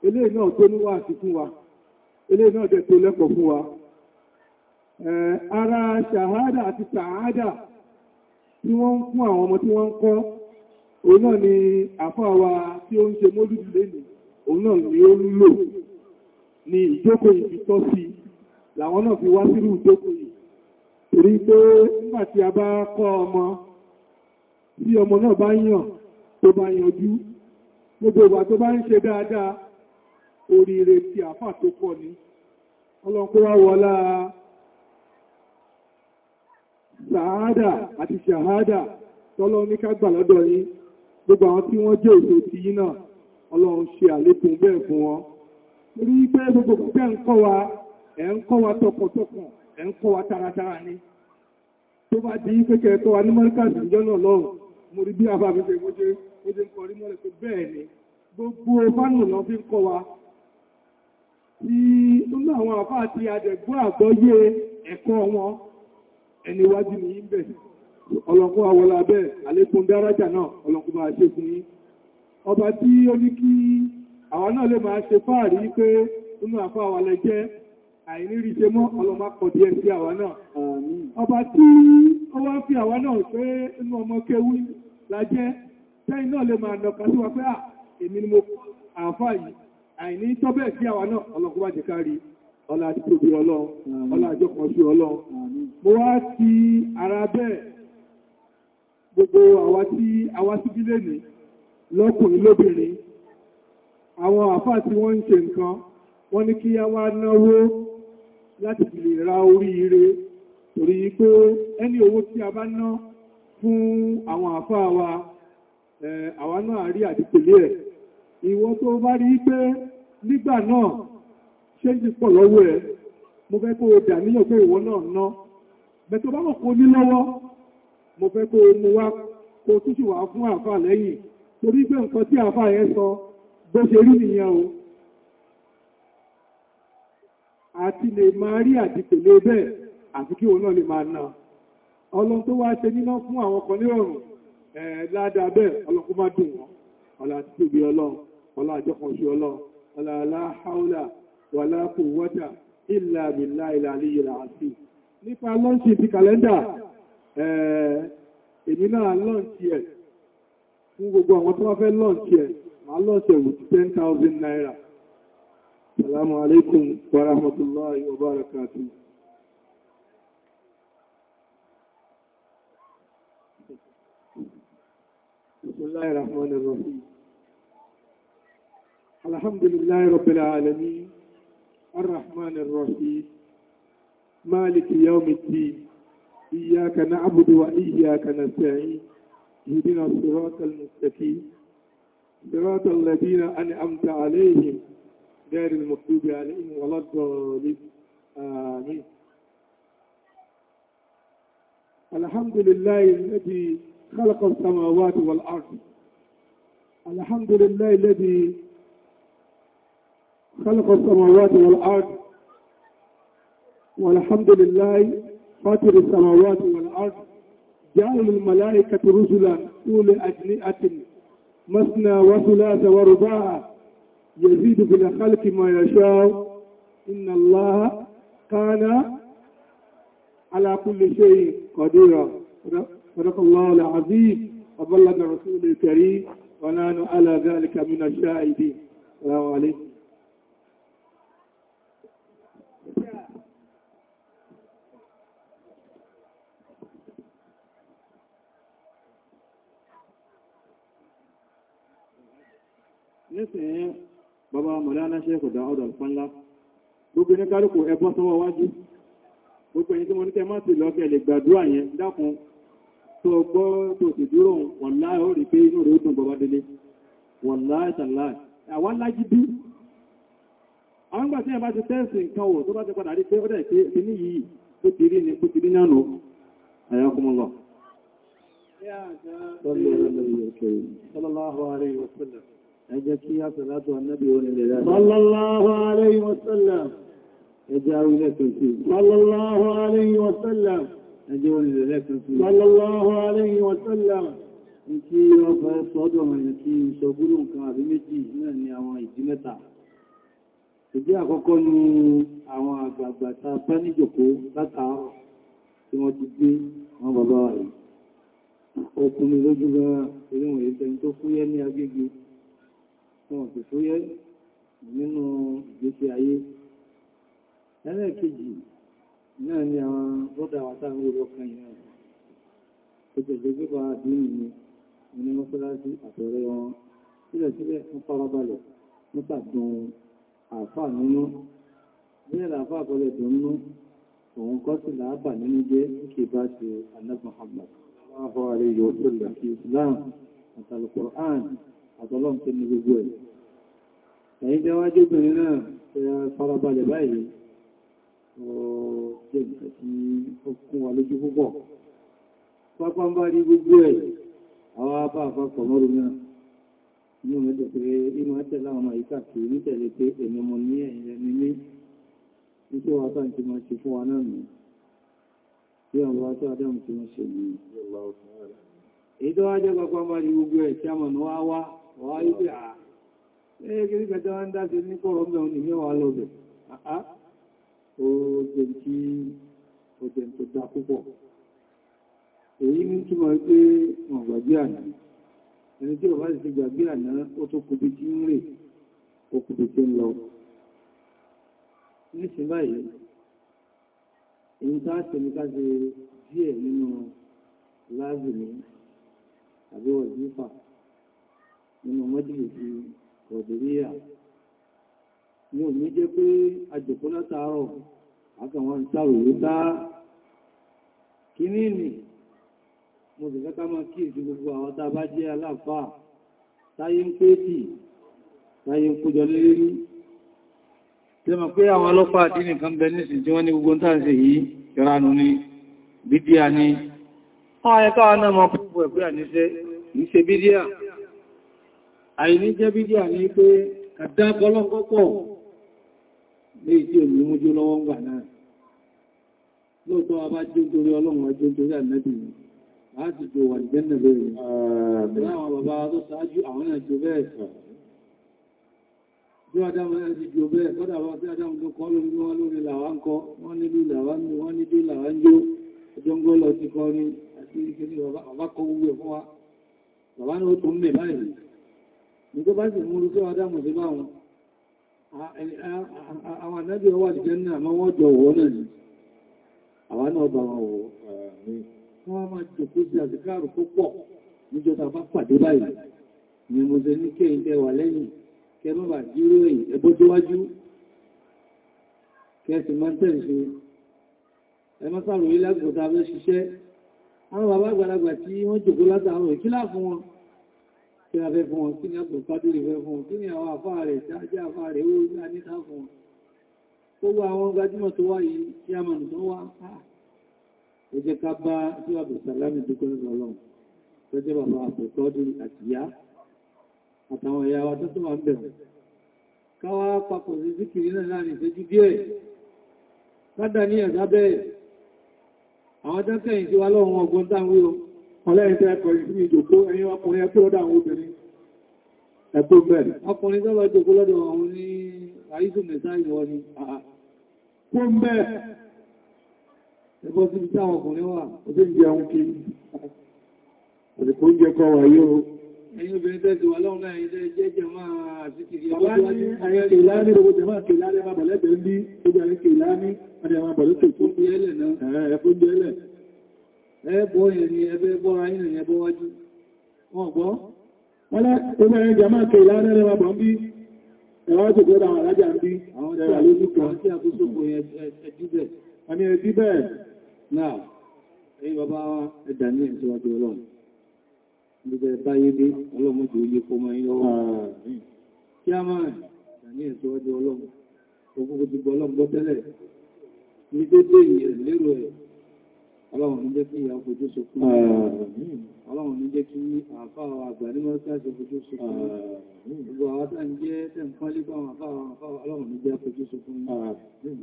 ilé náà tó níwà sí fún wa ilé náà jẹ́ tó lẹ́kọ̀ọ́ fún wa ara ṣàhádà àti sàádà tí wọ́n ń fún àwọn ọmọ tí wọ́n ń kọ́ òun náà ni àfáàwà tí ó ń ṣe mójúdù lẹ́nu òun náà ni ó ń lò ní ìjókòó yìí tọ́ sí làwọn náà fi wá sírù ìjókòó yìí torí pé nígbà tí a bá kọ́ ọmọ tí ọmọ náà bá yàn tó bá yanjú gbogbo ìwà tó bá ń ṣe dáadáa oríire tí àfà tó pọ̀ ní ọlọ́nkúnwá wọlá sàádà àti sàádà tọ́lọ́ ní ká gbà lọ́dọ̀ yín gbogbo àwọn tí wọ́n jẹ́ òṣò ti yín náà ọlọ́run ṣe àlékún bẹ́ẹ̀ fún wọn rí pé gbogbo pípẹ́ ń kọ́ wa ẹ̀ ń kọ́ wa tọkàntọkàn ẹ̀ ń kọ́ wa taratara ni tó bá di kékeré kọ́ wa ní mọ́ríkàsì ìjọ náà lọ́rùn mo rí bí àbá mi ṣe gbójú ó bẹ́ẹ̀ ni gbogbo fánù lọ fi ń kọ́ wa nínú àwọn àfá àti àdẹ̀gbọ́ àgbọ́yé ẹ̀kọ́ wọn ẹni wájú ní ìbẹ̀ ọlọ́kún àwọlá bẹ́ẹ̀ àlékún dárájà náà ọlọ́kún bá ṣe fún yín ọba tí ó ní kí àwọn náà lè máa ṣe fáàrí pé nínú àfá àwà lẹ jẹ́ àìnírí ṣe mọ́ ọlọ́mà kọ̀ díẹ̀ sí àwa náà ọba tí ó wá fi àwa náà pé inú ọmọ kéwú la jẹ́ tẹ́yìn náà àfá yìí àìní tọ́bẹ̀ sí àwa náà ọlọ́kọ́ wájẹ kárí ọlá àti tóbi ọlọ́ ọlá àjọ kan sí ọlọ́ mo wá ti ara bẹ́ẹ̀ gbogbo àwa tí àwa síbí lẹ́ni lọ́kùnrin lóbìnrin àwọn àfá tí wọ́n ń ṣe nǹkan wọ́n ní kí a náwó láti lè ra oríire torí pé ẹni owó tí a bá ná fún àwọn àfá wa àwa náà rí àdìpẹ̀lẹ̀ ẹ̀ tó bá rí pé nígbà náà ṣe ti pọ̀ lọ́wọ́ ẹ̀ mo fẹ́ kó dà níyàn pé ìwọ náà ná bẹ̀tọ̀ bá mọ̀ kó ní lọ́wọ́ mo fẹ́ kó mú wá kó túnṣù wá fún àfà lẹ́yìn torí pé nǹkan tí àfà yẹn sọ bó ṣe rí nìyẹn o àti lè máa rí àdìpèlé bẹ́ẹ̀ àti kí òun náà lè máa ná ọlọ́n tó wá ṣe níná fún àwọn kan nírọ̀rùn ẹ̀ẹ́dá bẹ́ẹ̀ ọlọ́kún má dùn wọn ọlá àti tóbi ọlọ́run ọlá àjọkànṣe ọlọ́run ولا لا حول ولا قوة إلا بالله العلي العظيم nípa lọ́nṣì ti kàlẹ́ndà èmi náà lọ́nṣì ẹ̀ fún gbogbo àwọn tó wá fẹ́ lọ́nṣì ẹ̀ ma lọ́nṣì ẹ̀ with 10,000 naira salamu alaikum wa rahmatullahi wa الله bismillahir rahmanir الحمد لله رب العالمين الرحمن الرحيم مالك يوم الدين إياك نعبد وإياك نستعين اهدنا الصراط المستقيم صراط الذين أنعمت عليهم غير المكتوب عليهم ولا الضالين آمين الحمد لله الذي خلق السماوات والأرض الحمد لله الذي خلق السماوات والأرض والحمد لله فاتر السماوات والأرض جعل الملائكة رسلا أولي أجنئة مثنى وثلاث ورباع يزيد في الخلق ما يشاء إن الله كان على كل شيء قدير صدق الله العظيم وبلغ رسوله الكريم ونحن على ذلك من الشاهدين السلام عليكم nísìnyí bàbá mọ̀láná ṣẹ́kù dáọ́dọ̀ alfánlá gbogbo ní kálùkù ẹbọ́ sọ́wọ́ wájú gbogbo ẹni tí mo ní tẹ́ máa ti lọ́kẹ́ lè gbàdúrà yẹn dákun tó gbọ́ tó ti dúró wọ̀lá ó rí pé inú rẹ̀ ó dùn bàbá délé wọ̀lá ìtàlá àwọn lájí bí àwọn gbà tí ẹ ni tó ti rí nánú ẹjẹ́ kí á sọ látọ̀ annabi orin lè dáadáa. sallallahu alayhi wa sallam ẹjẹ́ awilẹ̀ tuntun sallallahu alayhi wa sallam ẹjẹ́ orin lè lẹ́kùnkùn sallallahu alayhi wa sallam kí ọba sọ́dọ̀ ọ̀yàn kí ìṣọ́gúrò nǹkan àbí méjì náà ni àwọn ìdí mẹ́ta ìdí àkọ́kọ́ ni àwọn àgbààgbà ta pẹ́ níjòkó látàárọ̀ tí wọ́n ti wọn kò fóyẹ́ nínú ìgbésí ayé ẹlẹ́ẹ̀kejì náà ni àwọn bọ́dà wà táwọn olókan ìrìn tó tẹ̀lé pípa àdínì ni oní mọ́sálásí àtọ̀rẹ́ wọn sílẹ̀sílẹ̀ ń farabalẹ̀ nípa dùn àfà nínú bẹ́ẹ̀ làfà àkọlẹ̀ tó nú òun kọ́ sí làábà nínú jẹ́ kí bá ṣe anábàhàmà wọ́n àfọ́ àrẹ yóò tó lè fi Islam àtàlùkùrán àtọ́lọ́m tó ní gbogbo ẹ̀ ẹ̀yìn jẹ́ wájú obìnrin náà tẹ farabalẹ̀ báyìí ọ jẹ́ nǹkan tí ó kún wa lójú púpọ̀ pápá ń bá rí gbogbo ẹ̀ àwọn abá àpapọ̀ mọ́rù náà inú mẹ́tẹ̀ pé inú ẹ̀tẹ̀ láwọn ọmọ ìkà kìí nítẹ̀lé pé èmi mọ ní ẹ̀yẹ ní ní iṣẹ́ gbogbo ẹ̀ tí a mọ̀ ní wá wọ́n ibi à ẹ́gẹ́rí kẹta wọ́n dá sí ní kọ́rọ̀ mẹ́ òní mẹ́wàá lọ́bẹ̀ àá o jẹ́ kí o jẹ́ tó dá púpọ̀ èyí ní túnmọ̀ pé wọ́n gbàgbé àná ẹni tí ó bá sì gbàgbé àná ó tó kù bí tí ń rè ó kù bí tí ń lọ nísìn báyìí èyí tá a tẹ̀lé ká ṣe díẹ̀ nínú láàzìmí àbí wọ̀dífà nínú mọ́jìlìsì ọ̀dẹ̀ríyà ní òní jẹ́ pé àjòkó látàárọ̀ àkàwọn ìtàròwé bá kìíní nì mo sì fẹ́ ká máa kíyèsí gbogbo àwọn tá bá jẹ́ aláàfáà táyé ń pèsè táyé ń kójọ lérí tí ma pé àwọn ọlọ́pàá àti ni bídíà ni ọ̀yẹ́ká náà mọ́ púpọ̀ ẹ̀kú àníṣẹ́ ìṣẹ́ bídíà àìní jẹ́ bídíà ní pé àdákọlọ́kọ́pọ̀ lè tí olùmójú lọ́wọ́ ń gbà náà lóòtọ́ abá jí nítorí ọlọ́run ajé nítorí ànẹ́bì láti jò wà jẹ́nà lórí láwọn bàbá tó sáájú àwọn náà jò bẹ́ẹ̀ bí adámu náà ti jò bẹ́ẹ̀ kọ́dà bá sí adámu tó kọ́ lórí wọn lórí làwọn kọ́ wọ́n nílùú làwọn ní wọ́n nílé làwọn jó ọjọ́ ń gọ́lọ ó tó mẹ́ báyìí nígbà bá sì múrú tó adámù sí báwọn àwọn ànábì ọwà àlìjẹ́nà mọ́wọ́jọ wọ́ náà ni àwọn náà bá wọn wọ́ wọ́n máa jòkó sí àzìkáàrù púpọ̀ níjọta bá pàdé báyìí ni mo ṣe ní kéyìn tẹ wà lẹ́yìn kẹ mọ́ bà dúró èyí ẹbójúwájú kẹ sì máa tẹ̀ ṣe ẹ má sàròyìn lágbòta fẹ́ ṣiṣẹ́ àwọn bàbá àgbàlagbà tí wọ́n jòkó látàárọ̀ ìkílà fún wọn kí a fẹ́ fún wọn kí ní àpò kádùrì fẹ́ fún wọn kí ní àwọn àfá rẹ̀ tí a jẹ́ àfá rẹ̀ ó yá ní ká fún wọn gbogbo àwọn gbajúmọ̀ tó wá yìí tí a mọ̀nù tó wá ah, ẹ jẹ́ ká bá sí àbùsàlámì dúkọ́ nínú ọlọ́run tó jẹ́ bàbá àpò kádùrì àti ìyá àtàwọn ìyá wa tó tó wà ń bẹ̀rẹ̀ káwá papọ̀ sí síkìrì náà láàrin ìṣẹ́jú díẹ̀ kádà ní ẹ̀sábẹ́ àwọn jákẹ́yìn tí wá lọ́run ọgbọ́n táwọn ọlẹ́rin tẹ́ ẹkọ̀ ìsinmi ìjòkó ẹ̀yìn ọkùnrin ẹkú lọ́dọ̀ àwọn obìnrin ẹkú bẹ̀rẹ̀ ọkùnrin tọ́lọ jòkó lọ́dọ̀ àwọn ní àìsùn mẹ́ta ìwọ ni kó ń bẹ́ ẹgbọ́ sí ìta ọkùnrin wà ó sì ń jẹ ohun kí àsìkò ń jẹ kọ wà yóò ẹ̀yìn obìnrin tẹ́ ti wà lọ́rùn náà ilé jẹ́jẹ́ máa àti kìrì ọjọ́ ìlànà gbogbo tẹ̀mọ́ kìlá ẹgbọ́ ìrìn ẹgbẹ́ ẹgbọ́ ayìnrìn ẹgbọ́ wájú wọn gbọ́ wọ́n lá obìnrin jama kẹ ìlànà rẹ̀ wàbọ̀ ń bí ẹwà tó gbọ́dọ̀ àwọn alájà ń bí àwọn ẹ̀rà lójú kan tí a tó sókò ẹ̀díbẹ̀ àmì ẹ̀díbẹ̀ náà ẹ̀yìn bàbá wa ẹ̀dà ní ìtọ́jú ọlọ́run níbẹ̀ báyé dé ọlọ́mọdé oyé kó máa ń yọ kí a máa Ọlọ́run ní jẹ́ kí ìyá fojú sókún. Ọlọ́run ní jẹ́ kí àfáà àgbà ní mọ́sáṣẹ́ fojú sókún. Gbogbo àwọn tàà ń jẹ́ tẹ́ǹkan lé bá àwọn àfáà ọlọ́run ní jẹ́ fojú sókún.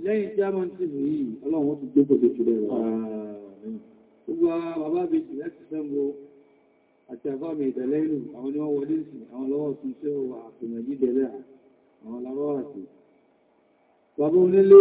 Lẹ́yìn German TV yìí, ọlọ́run ó ti gbé pẹ̀lú ìṣẹ́lẹ̀ rẹ̀. Gbogbo bàbá bèjì láti sẹ́mbo àti àfáà mi ìdẹ̀lẹ́ ìlú, àwọn ni wọ́n wọlé sí, àwọn lọ́wọ́ tún sí ọwọ́ àpèmẹ̀jì dẹ̀lẹ́ àwọn lárọ́ àti. Bàbá onílé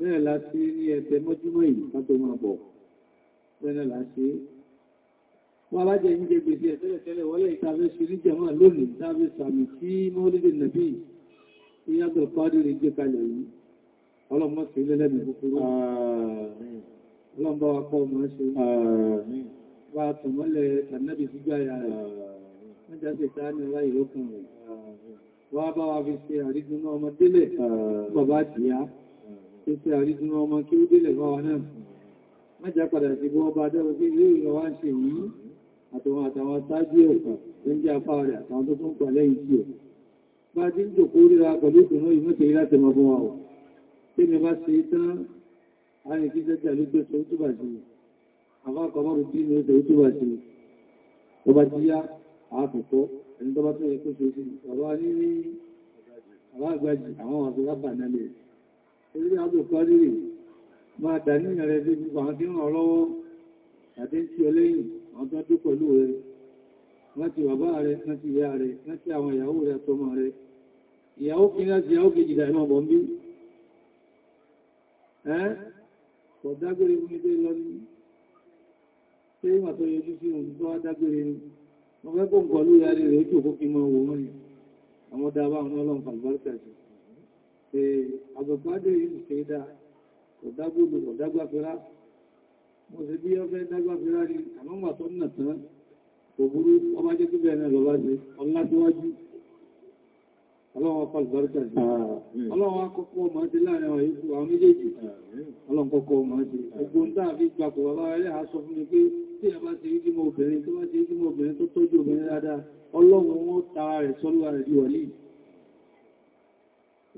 bẹ́ẹ̀ láti ní ẹ̀tẹ̀ mọ́júmọ́ yìí ká tó máa bọ̀ bẹ́ẹ̀ láti wọ́n alájẹ́ yìí jẹ gbèsè ẹ̀tẹ́lẹ̀tẹ́lẹ̀ wọlé ìtàfẹ́ sí ní jẹmọ́ lónìí tàbí sàmì tí mọ́lẹ́dẹ̀ nàbí ìyàgbẹ̀ fàájú lè gbé kalẹ̀ yìí ọlọ́mọ́ sí lẹ́lẹ́mì kúkúrú ọlọ́mọ́ akọ́ mọ́ sí wà tọ̀mọ́lẹ̀ tànàbì sígbáyà rẹ̀ pèsè àrídún ọmọ kí ó délẹ̀ bá wa náà mẹ́jà padà sí bọ́ ọba dẹ́rọ sí ilé ìrọ̀ wá ń ṣe yìí àtọwọn àtàwọn sáájú ẹ̀kọ́ tó ń jẹ́ apá rẹ̀ àtàwọn tó tún pẹ̀lẹ́ ìjì ẹ̀ bá ti ń jòkó ríra pẹ̀lú ìdùnnú ìmọ́tẹ̀ láti mọ fún wa ọ̀ tí mi bá ṣe tán àárín kí jẹ́jà ló gbé sọ túbà sí àbákọ̀ mọ́rù tí mi ó sọ túbà sí tó bá ti yá àákùkọ́ ẹni àwọn àti lábà náà Orí Abdulkadir máa dà ní ẹ̀rẹ́ bí gbogbo àwọn tí ń ràn lọ́wọ́ àti tí ọ lẹ́yìn àwọn tó dú pẹ̀lú rẹ̀. Láti bàbá rẹ̀, láti ìyá rẹ̀, láti àwọn ìyàwó rẹ̀ àtọmọ rẹ̀. Ìyàwó kí láti ìyàwó kejì dà ìmọ̀ bọ̀m̀bí. Ẹ́ kọ̀ dágbére fún mi tó lọ ní. Ṣé ìmọ̀ tó yọjú sí òun tó ń pọ̀lú àgbàgbádé yìí ṣe dá ọ̀dágbòdò ọ̀dágbàfẹ́rá mo sì bí ọfẹ́ dágbàfẹ́rá rí àmọ́mà tó nà tán òbúrú ọmọ jẹ́ tó bẹ̀rẹ̀ lọ bá ṣe ọlá tó wájú ọlọ́wọ́ pàlùbáríkà sí ọlọ́wọ́ akọ́kọ́ ọmọ ti láàrin ọ̀rẹ́ ikú àwọn méjèèjì ọlọ́nkọ́kọ́ ọmọ ti gbogbo ń dáa fi gbapò bàbá ẹlẹ́ àá sọ fún mi pé tí ẹ bá ti rí jímọ̀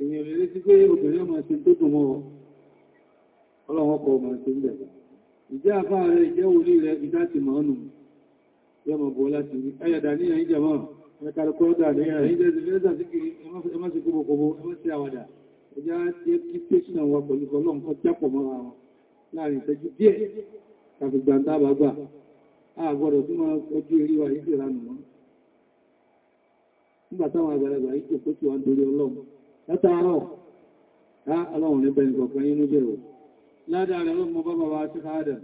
èèyàn lè létí pé obìnrin ọmọ ẹ̀sìn tó dùn mọ́ ọlọ́wọ́ kọ ọmọ ẹ̀sìn bẹ̀ ìjẹ́ àfá rẹ̀ ìjẹ́ wòlí rẹ̀ ìdá ti mọ̀ ọ́nù yọmọ bọ̀ láti rí ẹ̀yàdà ní ẹ̀yìn jẹmọ́ ẹ̀kàrẹ̀kọ́ ọdá rẹ̀ ẹ̀yìn jẹ́ ti fẹ́ẹ́sà sí kiri nígbà táwọn àgbàlagbà yìí tó látàárọ̀ ọlọ́run ní bẹni kọ̀kan yínú jẹ́ o ládàárẹ̀ ló mọ bábá wa sí fàádà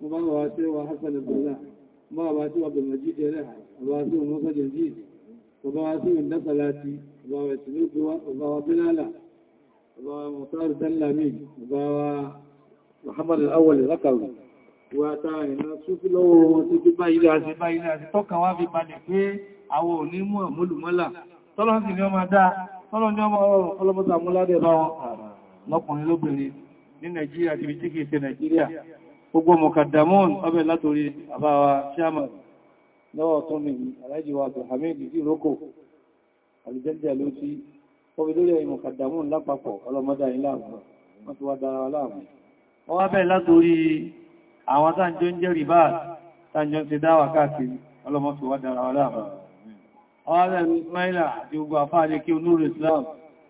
mọ bábá wa sí wa hassan abdullá bábá wa sí abdulmajid rẹ̀ bàbá wa sí ọmọ sọ́jẹ̀ jí bàbá wa sí ìdásalati bàbá wa sí lókèwà bàbá bilala bàbá wa mutar sallami muhammad al'awwal rakaru wa ta ìná súfí lọ́wọ́ wọn ti fi báyìí láti báyìí láti tọ́ka wá fi ọlọ́njọ́ mọ́ ọlọ́run ọlọ́pọ̀ta múládẹ̀ bá wọn lọ́kùnrin lóbìnrin ní Nàìjíríà ti fi tíkì ṣe Nàìjíríà gbogbo mọ̀kàdàmọ́n ọbẹ̀ látorí àbáwa chairman lọ́wọ́ tó mi aláàjì wa Abdulhamid ìrókò alìjẹ́jẹ́ ló ti kọbi lórí ẹ̀yìn mọ̀kàdàmọ́n lápapọ̀ ọlọ́mọdá ilá àgbà wọ́n ti wá dára láàmù wọ́n wá bẹ́ẹ̀ látorí àwọn táǹjọ́ ń jẹ́ rìbáà táǹjọ́ ń ti dáwà káàkiri ọlọ́mọ fi wá dára láàmù ọ̀rẹ́ Ismaila àti ogun àfáàlẹ́ kí olóòrò Islam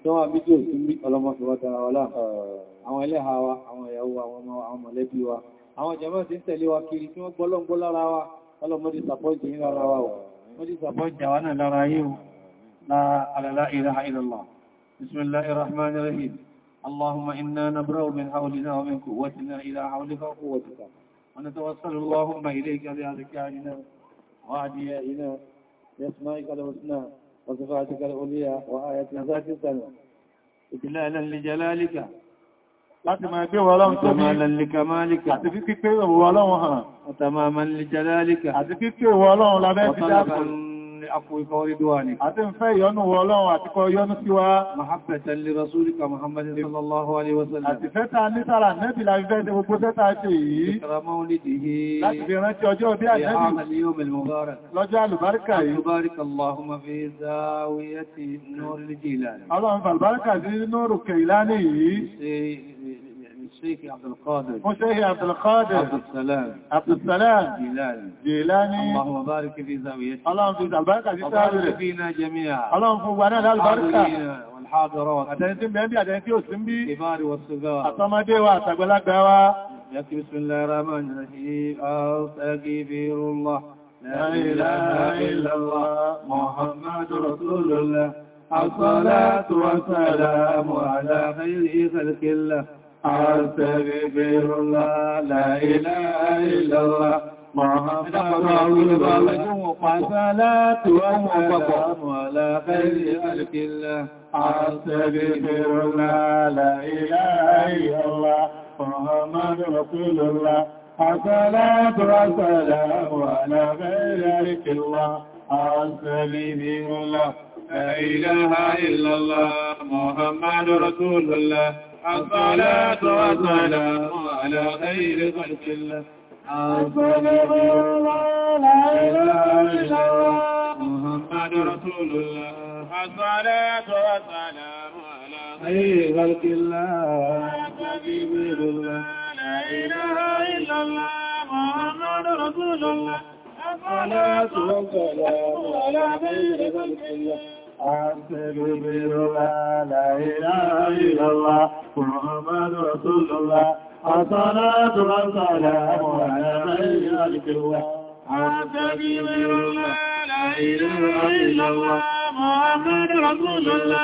tó wà bí tí ò tún bí ọlọ́mọ́sọ̀wọ́tara wà láà àwọn ẹlẹ́ha wa àwọn ìyàwó àwọn ọmọ àwọn mọ̀lẹ́bí wa àwọn jàmá tí kiri tí wọ́n gbọ́lọ́gbọ́ lára wa ọlọ́mọdé sàpọ́ǹtì ní lára wa ọmọdé sàpọ́ǹtì àwọn la ilaha illallah bismillahir allahumma inna nabra'u min hawlina wa min ila hawlika wa quwwatika wa natawassalu allahumma ilayka bi adhkarina wa adiyaina بأسمائك الحسنى وصفاتك العليا وآياتك ذات السنة إجلالا لجلالك láti máa gbé wọ́n lọ́wọ́ tóbi àti fífí pé wọ́n lọ́wọ́ hàn àti fífí wọ́n lọ́wọ́ lábẹ́ ti dákùn عفوك ورضوانك أتم في ينو الله أتكو ينو سوا محبة لرسولك محمد صلى الله عليه وسلم أتفتا لترى النبي لا يفيد وبسطة شيء ذكر مولده لا تبينات يوجو بها النبي عام اليوم المبارك لجع البركة يبارك اللهم في زاوية نور الجيلاني اللهم فالبركة دي نور الكيلاني موسيقي عبد القادر موسيقي عبد القادر عبد السلام عبد السلام جيلاني جيلاني اللهم بارك في زاويتنا اللهم في البركة في ساويتنا فينا جميعا اللهم فوانا البركة والحاضرات أتنتم بأبي أتنتي أسلم بي كبار والصغار أطمدي وأتقلك دوا يكي بسم الله الرحمن الرحيم أستغفر الله لا إله إلا الله محمد رسول الله الصلاة والسلام على خير خلق الله أستغفر الله لا إله إلا الله محمد رسول الله فصلاة وسلام على خير خلق الله أستغفر الله لا إله إلا الله محمد رسول الله فصلاة وسلام على خير خلق الله أستغفر الله لا إله إلا الله محمد رسول الله الصلاة والسلام على خير خلق الله الصلاة والسلام محمد رسول الله الصلاة والسلام على خير خلق الله حبيب الله لا إله إلا الله محمد رسول الله الصلاة والسلام على خير خلق الله أستغفر الله لا إله إلا الله محمد رسول الله الصلاة والسلام على من يلك الله أستغفر الله لا إله إلا الله محمد رسول الله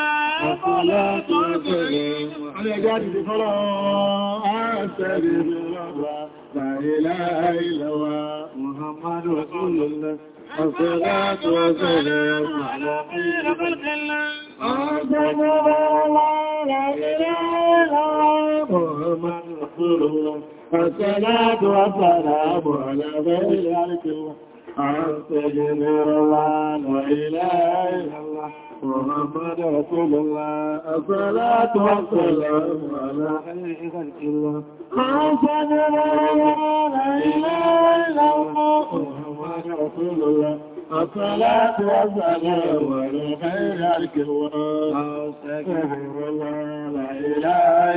الصلاة والسلام على جاد فلان أستغفر الله لا إله إلا الله محمد رسول الله والصلاة والسلام على خير خلق الله أعظم لا إله إلا محمد رسول الله الصلاة والسلام على خير خلق الله أستغفر الله لا إله إلا الله محمد رسول الله الصلاة والسلام على خير خلق الله أستغفر الله لا إله إلا الله محمد رسول الله الصلاة والسلام والخير الكوان أستغفر الله لا إله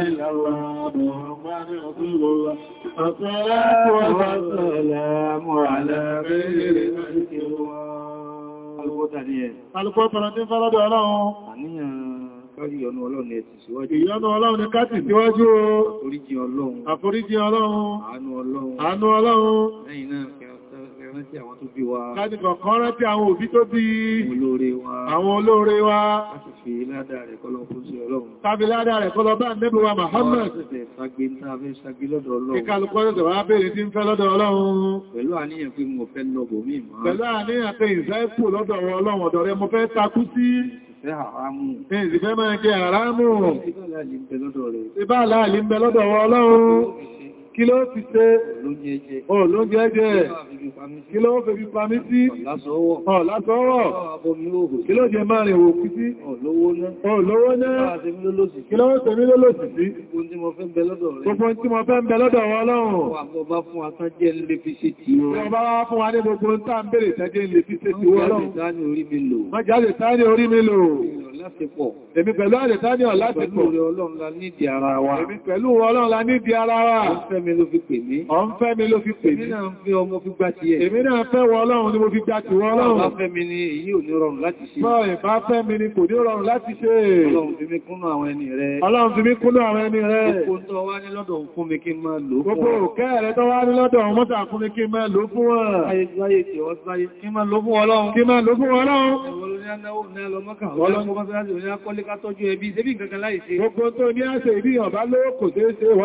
إلا الله محمد رسول الله الصلاة والسلام على خير الكوان Alùpọ̀tàrà tí ń fọ́lọ́dọ̀ ọlọ́run. Àníyàn kárí ìyọnú ọlọ́run ni ẹ̀tì síwájú. Ìyọnú ọlọ́run ni káàtì síwájú. Àforíjì ọlọ́run. Àforíjì ọlọ́run. Àánú ọlọ́run. Àánú ọlọ́run. Lẹ́yìn rántí àwọn tó bí wa láti kọ̀kan rántí àwọn òbí tó bí àwọn olóore wa láti fi ládà rẹ̀ kọ́lọ fún sí ọlọ́run tàbí wa Muhammad ìkàlùkọ́ lọ́dọ̀ wá bèèrè tí ń fẹ́ lọ́dọ̀ ọlọ́run pẹ̀lú àníyàn pé mo fẹ́ lọ́bọ̀ mí mọ́ pẹ̀lú àníyàn mo fẹ́ takú sí ìfẹ́ àrámù. Ìfẹ́ máa jẹ àrámù. Ìbá láàrín bẹ lọ́dọ̀ ọlọ́run kí ló fi ṣe olóúnjẹ jẹ́ kí ló fẹ́ fi pamí sí ọ̀lásọ́wọ́ kí ló jẹ máa rìn òkú sí olówó náà kí ló fẹ́ mí lólòsì sí gbogbo tí mo fẹ́ bẹ lọ́dọ̀ wọn lọ́rùn ọba fún wa tán jẹ́ lè fi ṣe tí wọ́n bá wá fún wa ní gbogbo ń tàn bèèrè tẹ́jẹ́ lè fi ṣe tí wọ́n lọ́rùn má jáde Èmi pẹ̀lú àrẹ̀tá ní ọ̀lásìpọ̀. Pẹ̀lú ọlọ́run wa. Èmi pẹ̀lú ọlọ́run la nídìí ara wa mi ló fi pè mí. Ọ ń fẹ́ ọlọ́run ti mi kúnnú àwọn ẹni rẹ̀. Ọlọ́run fi mí kúnnú àwọn ẹni rẹ̀. Gbogbo tó wá ní wá ní lọ́dọ̀ fún mi kí máa lò fún wọn. Ayé tí wáyé Kí máa lò fún ọlọ́run. Kí máa lò fún ọlọ́run. Ọlọ́run kọ́ bá fẹ́ láti òní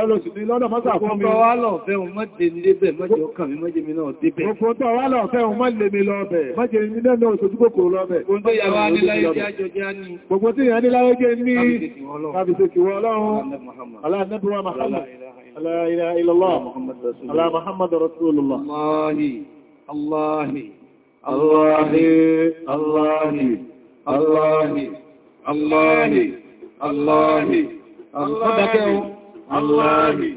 lọ sí ní lọ́dọ̀ tọ́ wá lọ fẹ́ òun mọ́jẹ̀ ní débẹ̀ mọ́jẹ̀ ọkàn mi mọ́jẹ̀ mi náà débẹ̀. Gbogbo tọ́ wá lọ fẹ́ òun mọ́jẹ̀ mi lọ́bẹ̀ mọ́jẹ̀ mi náà lọ́wọ́ sojú kòkòrò lọ́bẹ̀. Gbogbo yàrá níláyé jẹ́ àjọ jẹ́ á ní. Gbogbo tí ìyàn níláyé jẹ́ ní àbìsẹ̀kìwọ́ ọlọ́run. Aláàdẹ́bùwà Muhammad. Aláàdẹ́bùwà Muhammad. Aláàdẹ́bùwà Muhammad Rasulullah. Allah. Allah. Allah. Allah. Allah. Allah. Allah. Allah.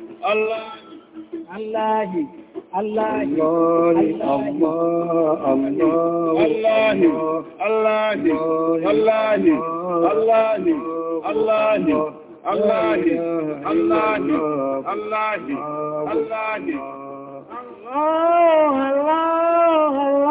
Allah, Allahi, Allahi, Allahi, Allahi, Allahi, Allahi, Allahi, Allahi, Allahi, Allah, Allah, Allah.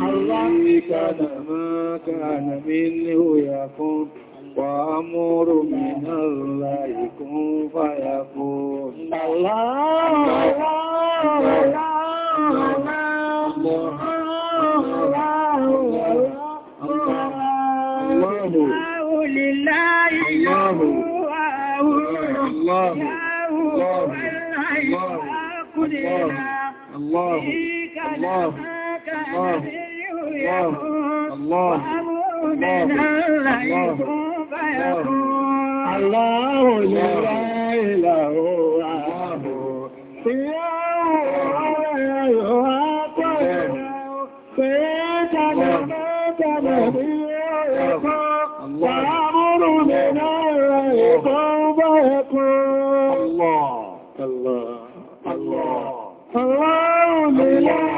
الذي كان ما كان منه يكون وأمر من الله يكون فيكون الله الله الله الله لله الله الله الله الله الله الله الله يكن وأمرنا يكون فيكون الله لا إله إلا الله الله الله الله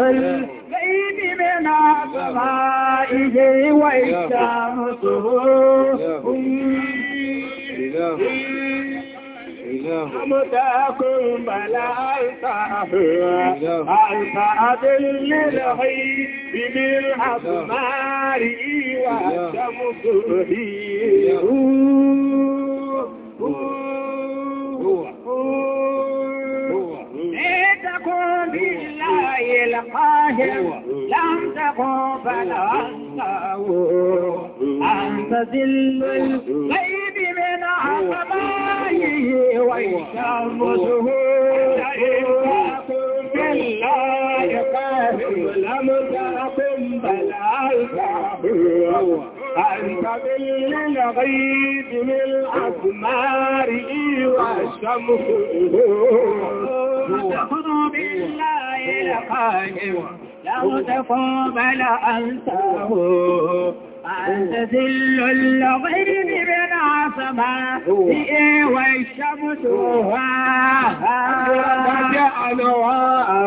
الغيب من عظمائه وإسلام صهور حمدكم بلا ألفأت للغيب بالأصمار والشمس هيرون تذل الغيب من عظمائه ويشم زهور بالله قاسي لم تقم بل أنت ظل الغيب من الأثمار والشمس تخرج بالله القائم لو تقوم بل أنت تذل الغيم من عصمة والشمس وجعلها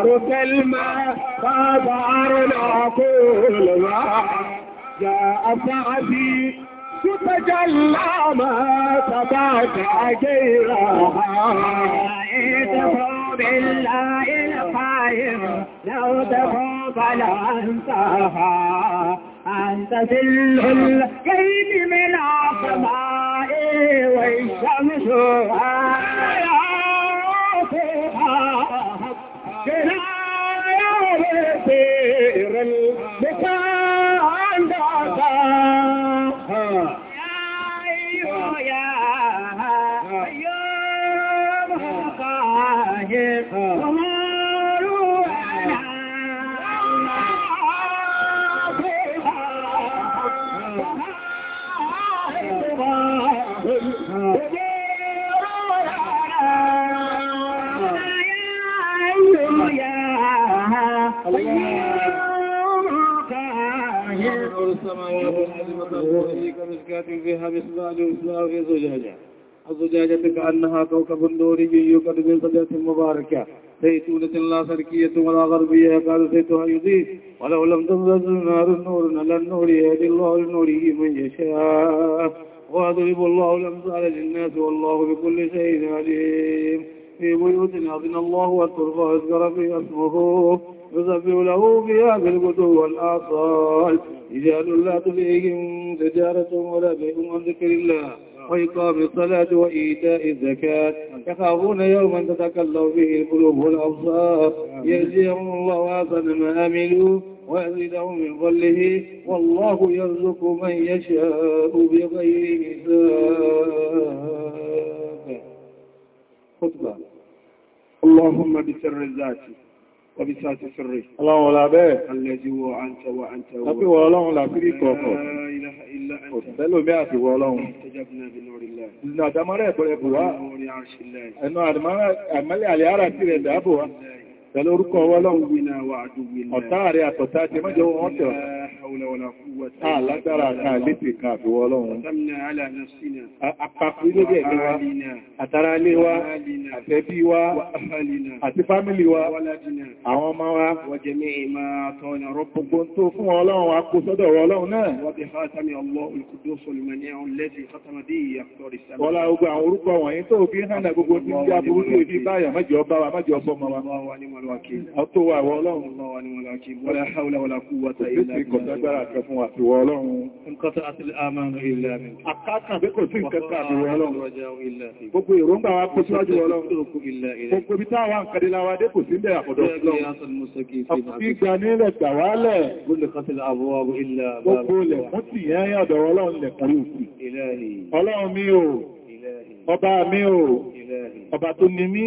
رسلما فضعر العقول ما جاء سعدي تتجلى ما تباكى غيرها بالله الخالق القايم لو تخوف على انتهى أنت سلح الكيد من السماء والشمس Yeah. الزجاجة كأنها كوكب دوري يوقد من صدرة مباركة زيتونة لا شرقية ولا غربية قال زيتها يضيء ولو لم تبرز النار النور على النور يهدي الله النور من يشاء ويضرب الله الأمثال للناس والله بكل شيء عليم في بيوت أذن الله أن اذكر في اسمه يسبح له فيها بالغدو والآصال رجال لا تلئهم تجارة ولا بهم عن ذكر الله ويقام الصلاة وإيتاء الزكاة يخافون يوما تتكلم فيه القلوب والأبصار يجزيهم الله أحسن ما أملوا ويزيدهم من ظله والله يرزق من يشاء بغير حساب خطبة اللهم بسر الذات وبسات سري اللهم لا بيه الذي هو أنت وأنت أبي والله لا فريق وقف لا إله إلا أنت وسلوا بها في والله استجبنا بنور الله إذن أدمر يقول أبوها نور عرش الله إنه أدمر أملي على عرش الله أبوها pẹ̀lú orúkọ wọ́lọ́wọ́ ọ̀tá àrẹ àtọ̀tá ti mọ́jọ wọn tẹ̀wọ̀ Àlágbára ah, kan létè kan àfiwọ́ ọlọ́run. Àpapọ̀ ilé jẹ́ ẹ̀mí wa, àtàrà ilé wa, àtẹ́bí wa, àti fámílì wa, àwọn ọmọ wa. Gbogbo tó fún ọlọ́run akó sọ́dọ̀ ọlọ́run náà. Wọ́lá ogun àwọn orúkọ wọ̀nyí tó fi hànà gbogbo tí ń já burúkú ìdí báyà mẹ́jọ bá wa mẹ́jọ bọ́ mọ́ wa. Ọ̀tọ́ wà wọ́lọ́run. Wọ́lá haúlá wọ́lá kú wọ́ta ilẹ̀ agbára kan fún àtiwọ ọlọ́run. Nkọ́ta àti àmàrin ilẹ̀ àmì. Àkátà bí kò sí ìkẹta àtiwọ ọlọ́run. Gbogbo ìróngbà wa kó síwájú ọlọ́run. Gbogbo bí táwà ń kàdé láwá dé kò sí ń bẹ̀rẹ̀ ọba mi o ọba tó ní mí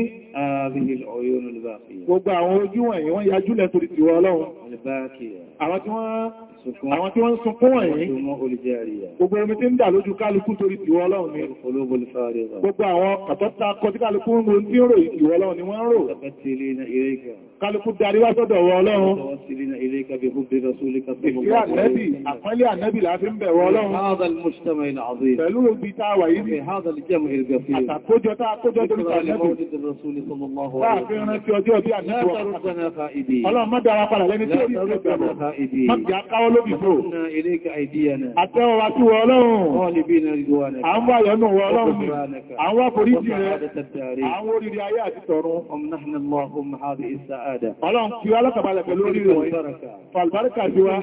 gbogbo àwọn ojú wọ̀nyí wọ́n yajú lẹ́ torí tiwọ ọlọ́run àwọn tí wọ́n ń sunkún wọ̀nyí gbogbo omi tí ń dà lójú kálukú torí tiwọ ọlọ́run ni gbogbo àwọn kàtọ́ta kọtíkálukú ń ro tí ń rò ìtiwọ ọlọ́run ni wọ́n rò kálukú darí wá sọ́dọ̀ wọ ọlọ́run. Ìfẹ́ ànẹ́bì, àpọ́lé ànẹ́bì láti ń bẹ̀wọ ọlọ́run. Pẹ̀lú ibi táwà yìí, àtàkójọ tá àkójọ tó lùkà ànẹ́bì. Láàfin rántí ọjọ́ bí ànẹ́bì. Ọlọ́run mọ́ dára padà lẹ́ni tí ó rí ìgbẹ̀rẹ̀. Mọ́ jà káwọ́ lóbi fò. Àtẹ́wọ̀ wa tí wọ ọlọ́run. À ń wá yọnú wọ ọlọ́run. À ń wá foríjì rẹ̀. À ń wó rírí ayé àti tọ̀run. Ọmọ náà Ọlọ́run kí wá lọ́kàbalẹ̀ pẹ̀lú oríire wọ̀nyí. Fàlbáríkà jí wá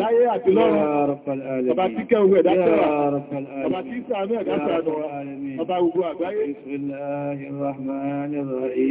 láyé àti lọ́run. Ọba tí kẹ́ ogun ẹ̀dá tẹ́wà. Ọba tí sàánú ẹ̀dá sàánú. Ọba gbogbo àgbáyé. Bismillahirrahmanirrahim.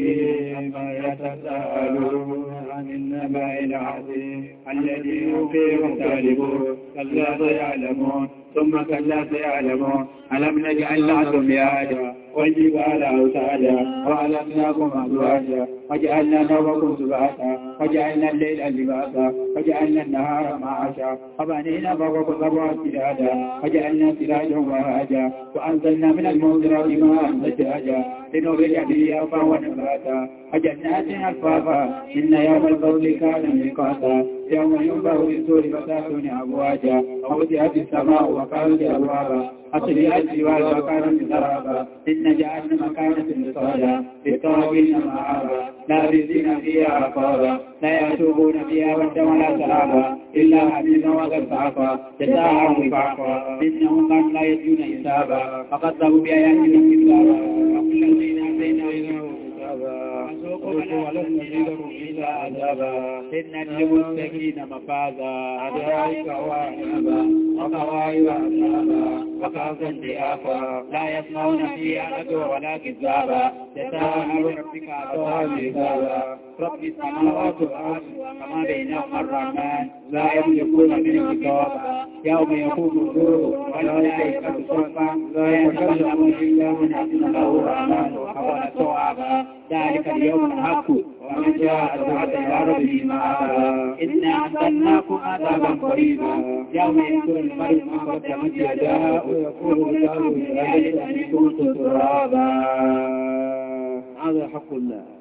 ثم كلا سيعلمون ألم نجعل لكم يا أجوى وجب على أوتادا وألمناكم أزواجا وجعلنا نومكم سباتا وجعلنا الليل لباسا وجعلنا النهار معاشا وبنينا فوقكم سبعا سرادا وجعلنا سراجا وهاجا وأنزلنا من المنذرات ماء ثجاجا لنبرج به أرضا ونباتا وجنات ألفافا إن يوم القول كان ميقاتا يوم ينبه للسور فتاتون أبواجا وفتحت السماء وقالت أبوابا أطلعت الجبال من ترابا إن جهنم كانت مصادا للطاغين معابا لا لابسين فيها أقابا لا يتوبون فيها وحدا ولا سرابا إلا حميما وغسعفا جزاء وفعفا إنهم كانوا لا يجدون حسابا فقد ضربوا بآياتنا كتابا وكل الذين الخلق ولن نزيده إلا عذابا إن المتقين مفازا أدعائك وعنبا وقوائب أعنبا وخاصا ضعافا لا يسمعون فيها لدوا ولا كذابا جزاء من ربك عطاء حسابا رب السماوات والارض وما بينهما الرحمن لا يملكون منه كتابا يوم يقوم الدور والملائكه صفا لا يتكلمون الا من اذن له الرحمن وقال صعبا ذلك اليوم الحق ومن جاء بعد العرب ربه إنا أعطيناكم عذابا قريبا يوم يذكر المرء ما يداه ويقول لله من أجل كنت ترابا هذا حق الله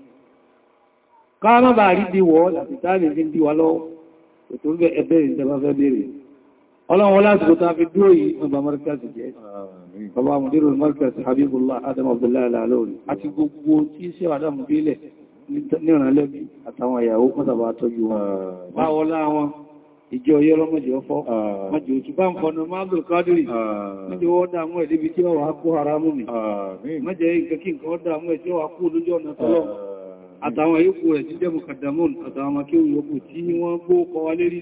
káàmà bá rí díwọ́ làbìtàrí fi ń díwà lọ́wọ́ ètò ń bẹ́ ẹgbẹ́ ìjọba fẹ́ bèèrè ọlọ́run wọ́n láti kòtà fi dúró yìí ọba mọ́ríkàsì jẹ́ ọba mùdírò mọ́ríkàsì Habibullah Adam Abdullahi alalori àti gbogbo tí sí àdámù bílẹ̀ nírànlẹ́bí àtàwọn ìyàwó pọ́tàbà tọ́jú wọn báwọ́ láwọn ìjọ yẹ́ lọ́mọ̀jẹ́ ọfọ́ mọ́jẹ́ òtù bá ń fọ́nà máàbùl kádìrì mọ́jẹ́ haramu mi mọ́jẹ́ ìkẹ́kí nǹkan dámú ẹ̀ tí ó wà àtàwọn ikú rẹ̀ tí jẹ́ mukaddamun àtàwọn makéwù yòókù tí wọ́n gbó kọ wa lérí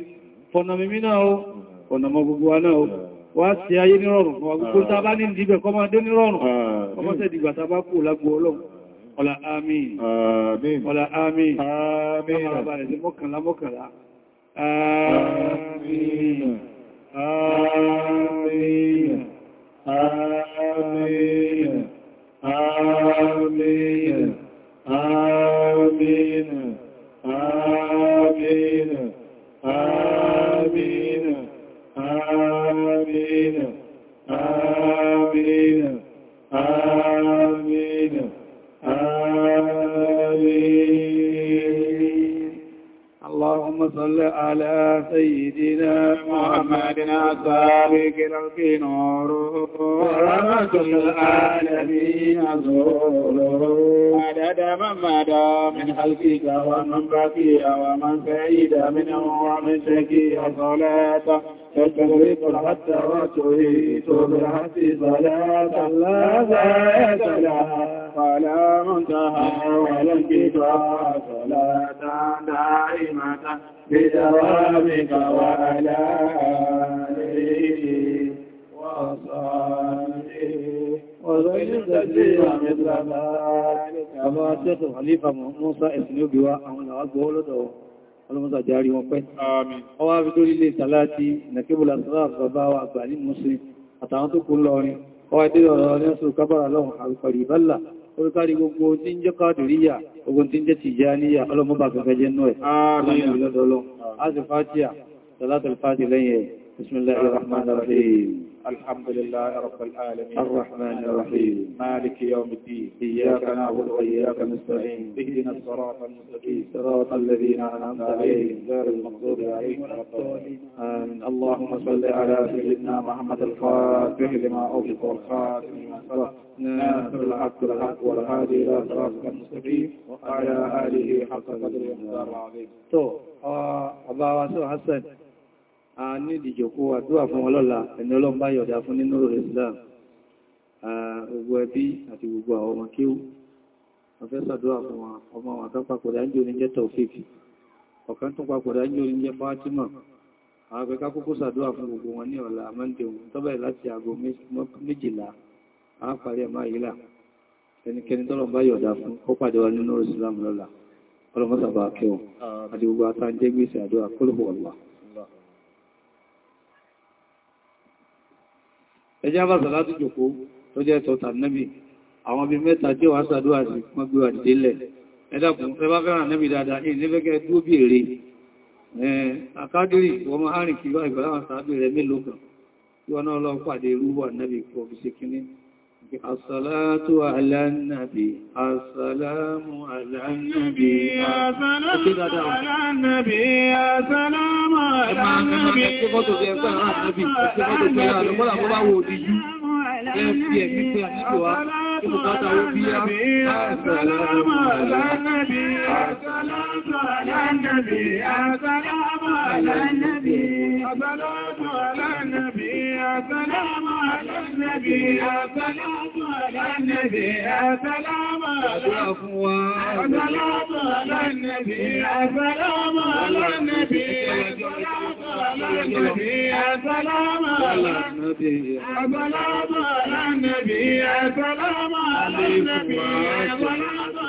fọ́nà mímí náà ó ọ̀nà mọ gbogbo wa náà ó wá sí ayé nírọ̀rùn fún agbogbo tá bá ní ìdíbẹ̀ kọ́ máa dé nírọ̀rùn آمين آمين آمين آمين آمين آمين آمين اللهم صل على سيدنا محمد السابق الخلق نوره ورحمة العالمين زوره عدد من مدى من خلقك ومن بكي ومن سعيد منه ومن شكي صلاته تكريك حتى وتهيت بالحق صلاة الله وعلى الكتاب صلاة دائمة بدوامك وعلى آله وصحبه وغير تسليما مثل ذلك كما شيخ الخليفة موسى اسنوبي وأنا أقول له ọlọ́mọ́sà járí wọn pẹ́. ọwá fi tó lílé ìtàláti nàkébùlà sọ́lọ́pù bàbá wa àgbà ní mùsùlùmí àtàwọn tó kú lọrin ọwá ìdílọ̀rọ̀ orúkárí gbogbo tí ń jẹ́ kàdùríyà ogun tí ń jẹ́ tìjáníyà ọlọ́mọba fẹ́fẹ́ jẹ́ náà ààrùn ìlọ́dọ̀ọ́lọ́ الحمد لله رب العالمين الرحمن الرحيم مالك يوم الدين إياك نعبد وإياك نستعين اهدنا الصراط المستقيم صراط الذين أنعمت عليهم غير المغضوب عليهم ولا الضالين اللهم صل على سيدنا محمد الفاتح لما أغلق والخاتم لما سبق ناصر الحق الحق والهادي إلى صراطك المستقيم وعلى آله حق قدره ومقداره العظيم. تو آه، أبا حسن a ní ìdìjòkó àdúwà fún ọlọ́la ẹni ọlọ́mbá yọ̀dá fún nínú Islam gbogbo ẹbí àti gbogbo àwọn ọmọ kéwú ọ̀fẹ́sà dúwà fún wọn ọmọ wọn kan papọ̀dá ń jò ní jẹ́ Taufik ọ̀kan tún papọ̀dá ń jò ní jẹ́ Fatima àwọn akẹ́kà kókó sàdúwà fún gbogbo wọn ní Islam lọ́la ọlọ́mọ́sàbà kẹwọn àti gbogbo àtàjẹ́gbèsè àdúrà kólùkù ẹjá bá sàlátù jòkó tó jẹ́ sọ tàbí àwọn bí mẹ́ta jẹ́ wà sàdúwà sí wọ́n gbé wà dìde lẹ̀ ẹdàkùn ẹ bá fẹ́ràn nẹ́bì dáadáa ní ilẹ́fẹ́kẹ́ dúó bí èrè àkádìrí wọ́n máa rìn kí bá ìgbàláwọn sàábì rẹ̀ mélòó kan الصلاة على النبي السلام على النبي السلام على النبي السلام على النبي السلام على النبي السلام على النبي السلام على النبي على النبي سلام على النبي سلام على النبي سلام على سلام على النبي سلام على النبي سلام على النبي سلام على النبي سلام على النبي سلام على النبي سلام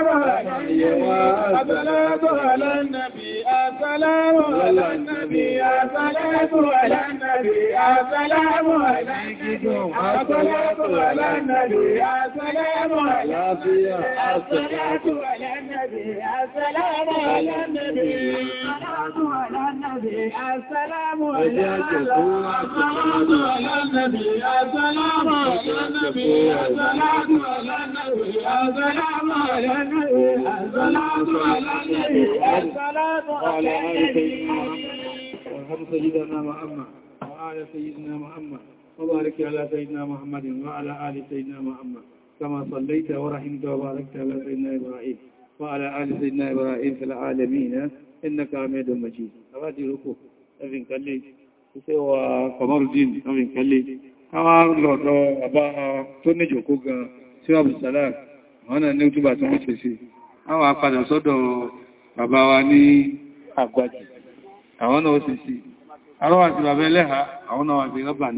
السلام على النبي السلام على النبي السلام على النبي السلام عليكم السلام على النبي السلام على الصلاة على النبي السلام على النبي الصلاة على النبي السلام على الصلاة على النبي السلام على النبي الصلاة على النبي السلام على النبي وارحم سيدنا محمد وعلى سيدنا محمد وبارك على سيدنا محمد وعلى آل سيدنا محمد كما صليت ورحمت وباركت على سيدنا إبراهيم وعلى آل سيدنا إبراهيم في العالمين إنك عميد مجيد أرادي ركوك أبن كليك سوى قمر الدين أبن كليك àwọn lọ́dọ̀ àbá tó níjòkó gan síwábùsàlá wọ́n náà ní òtúbà tí wọ́n ṣe sí àwọn wa ní àgbàjì àwọn náà ó sì sí àwọn àti bàbá ẹlẹ́ha àwọn náà wà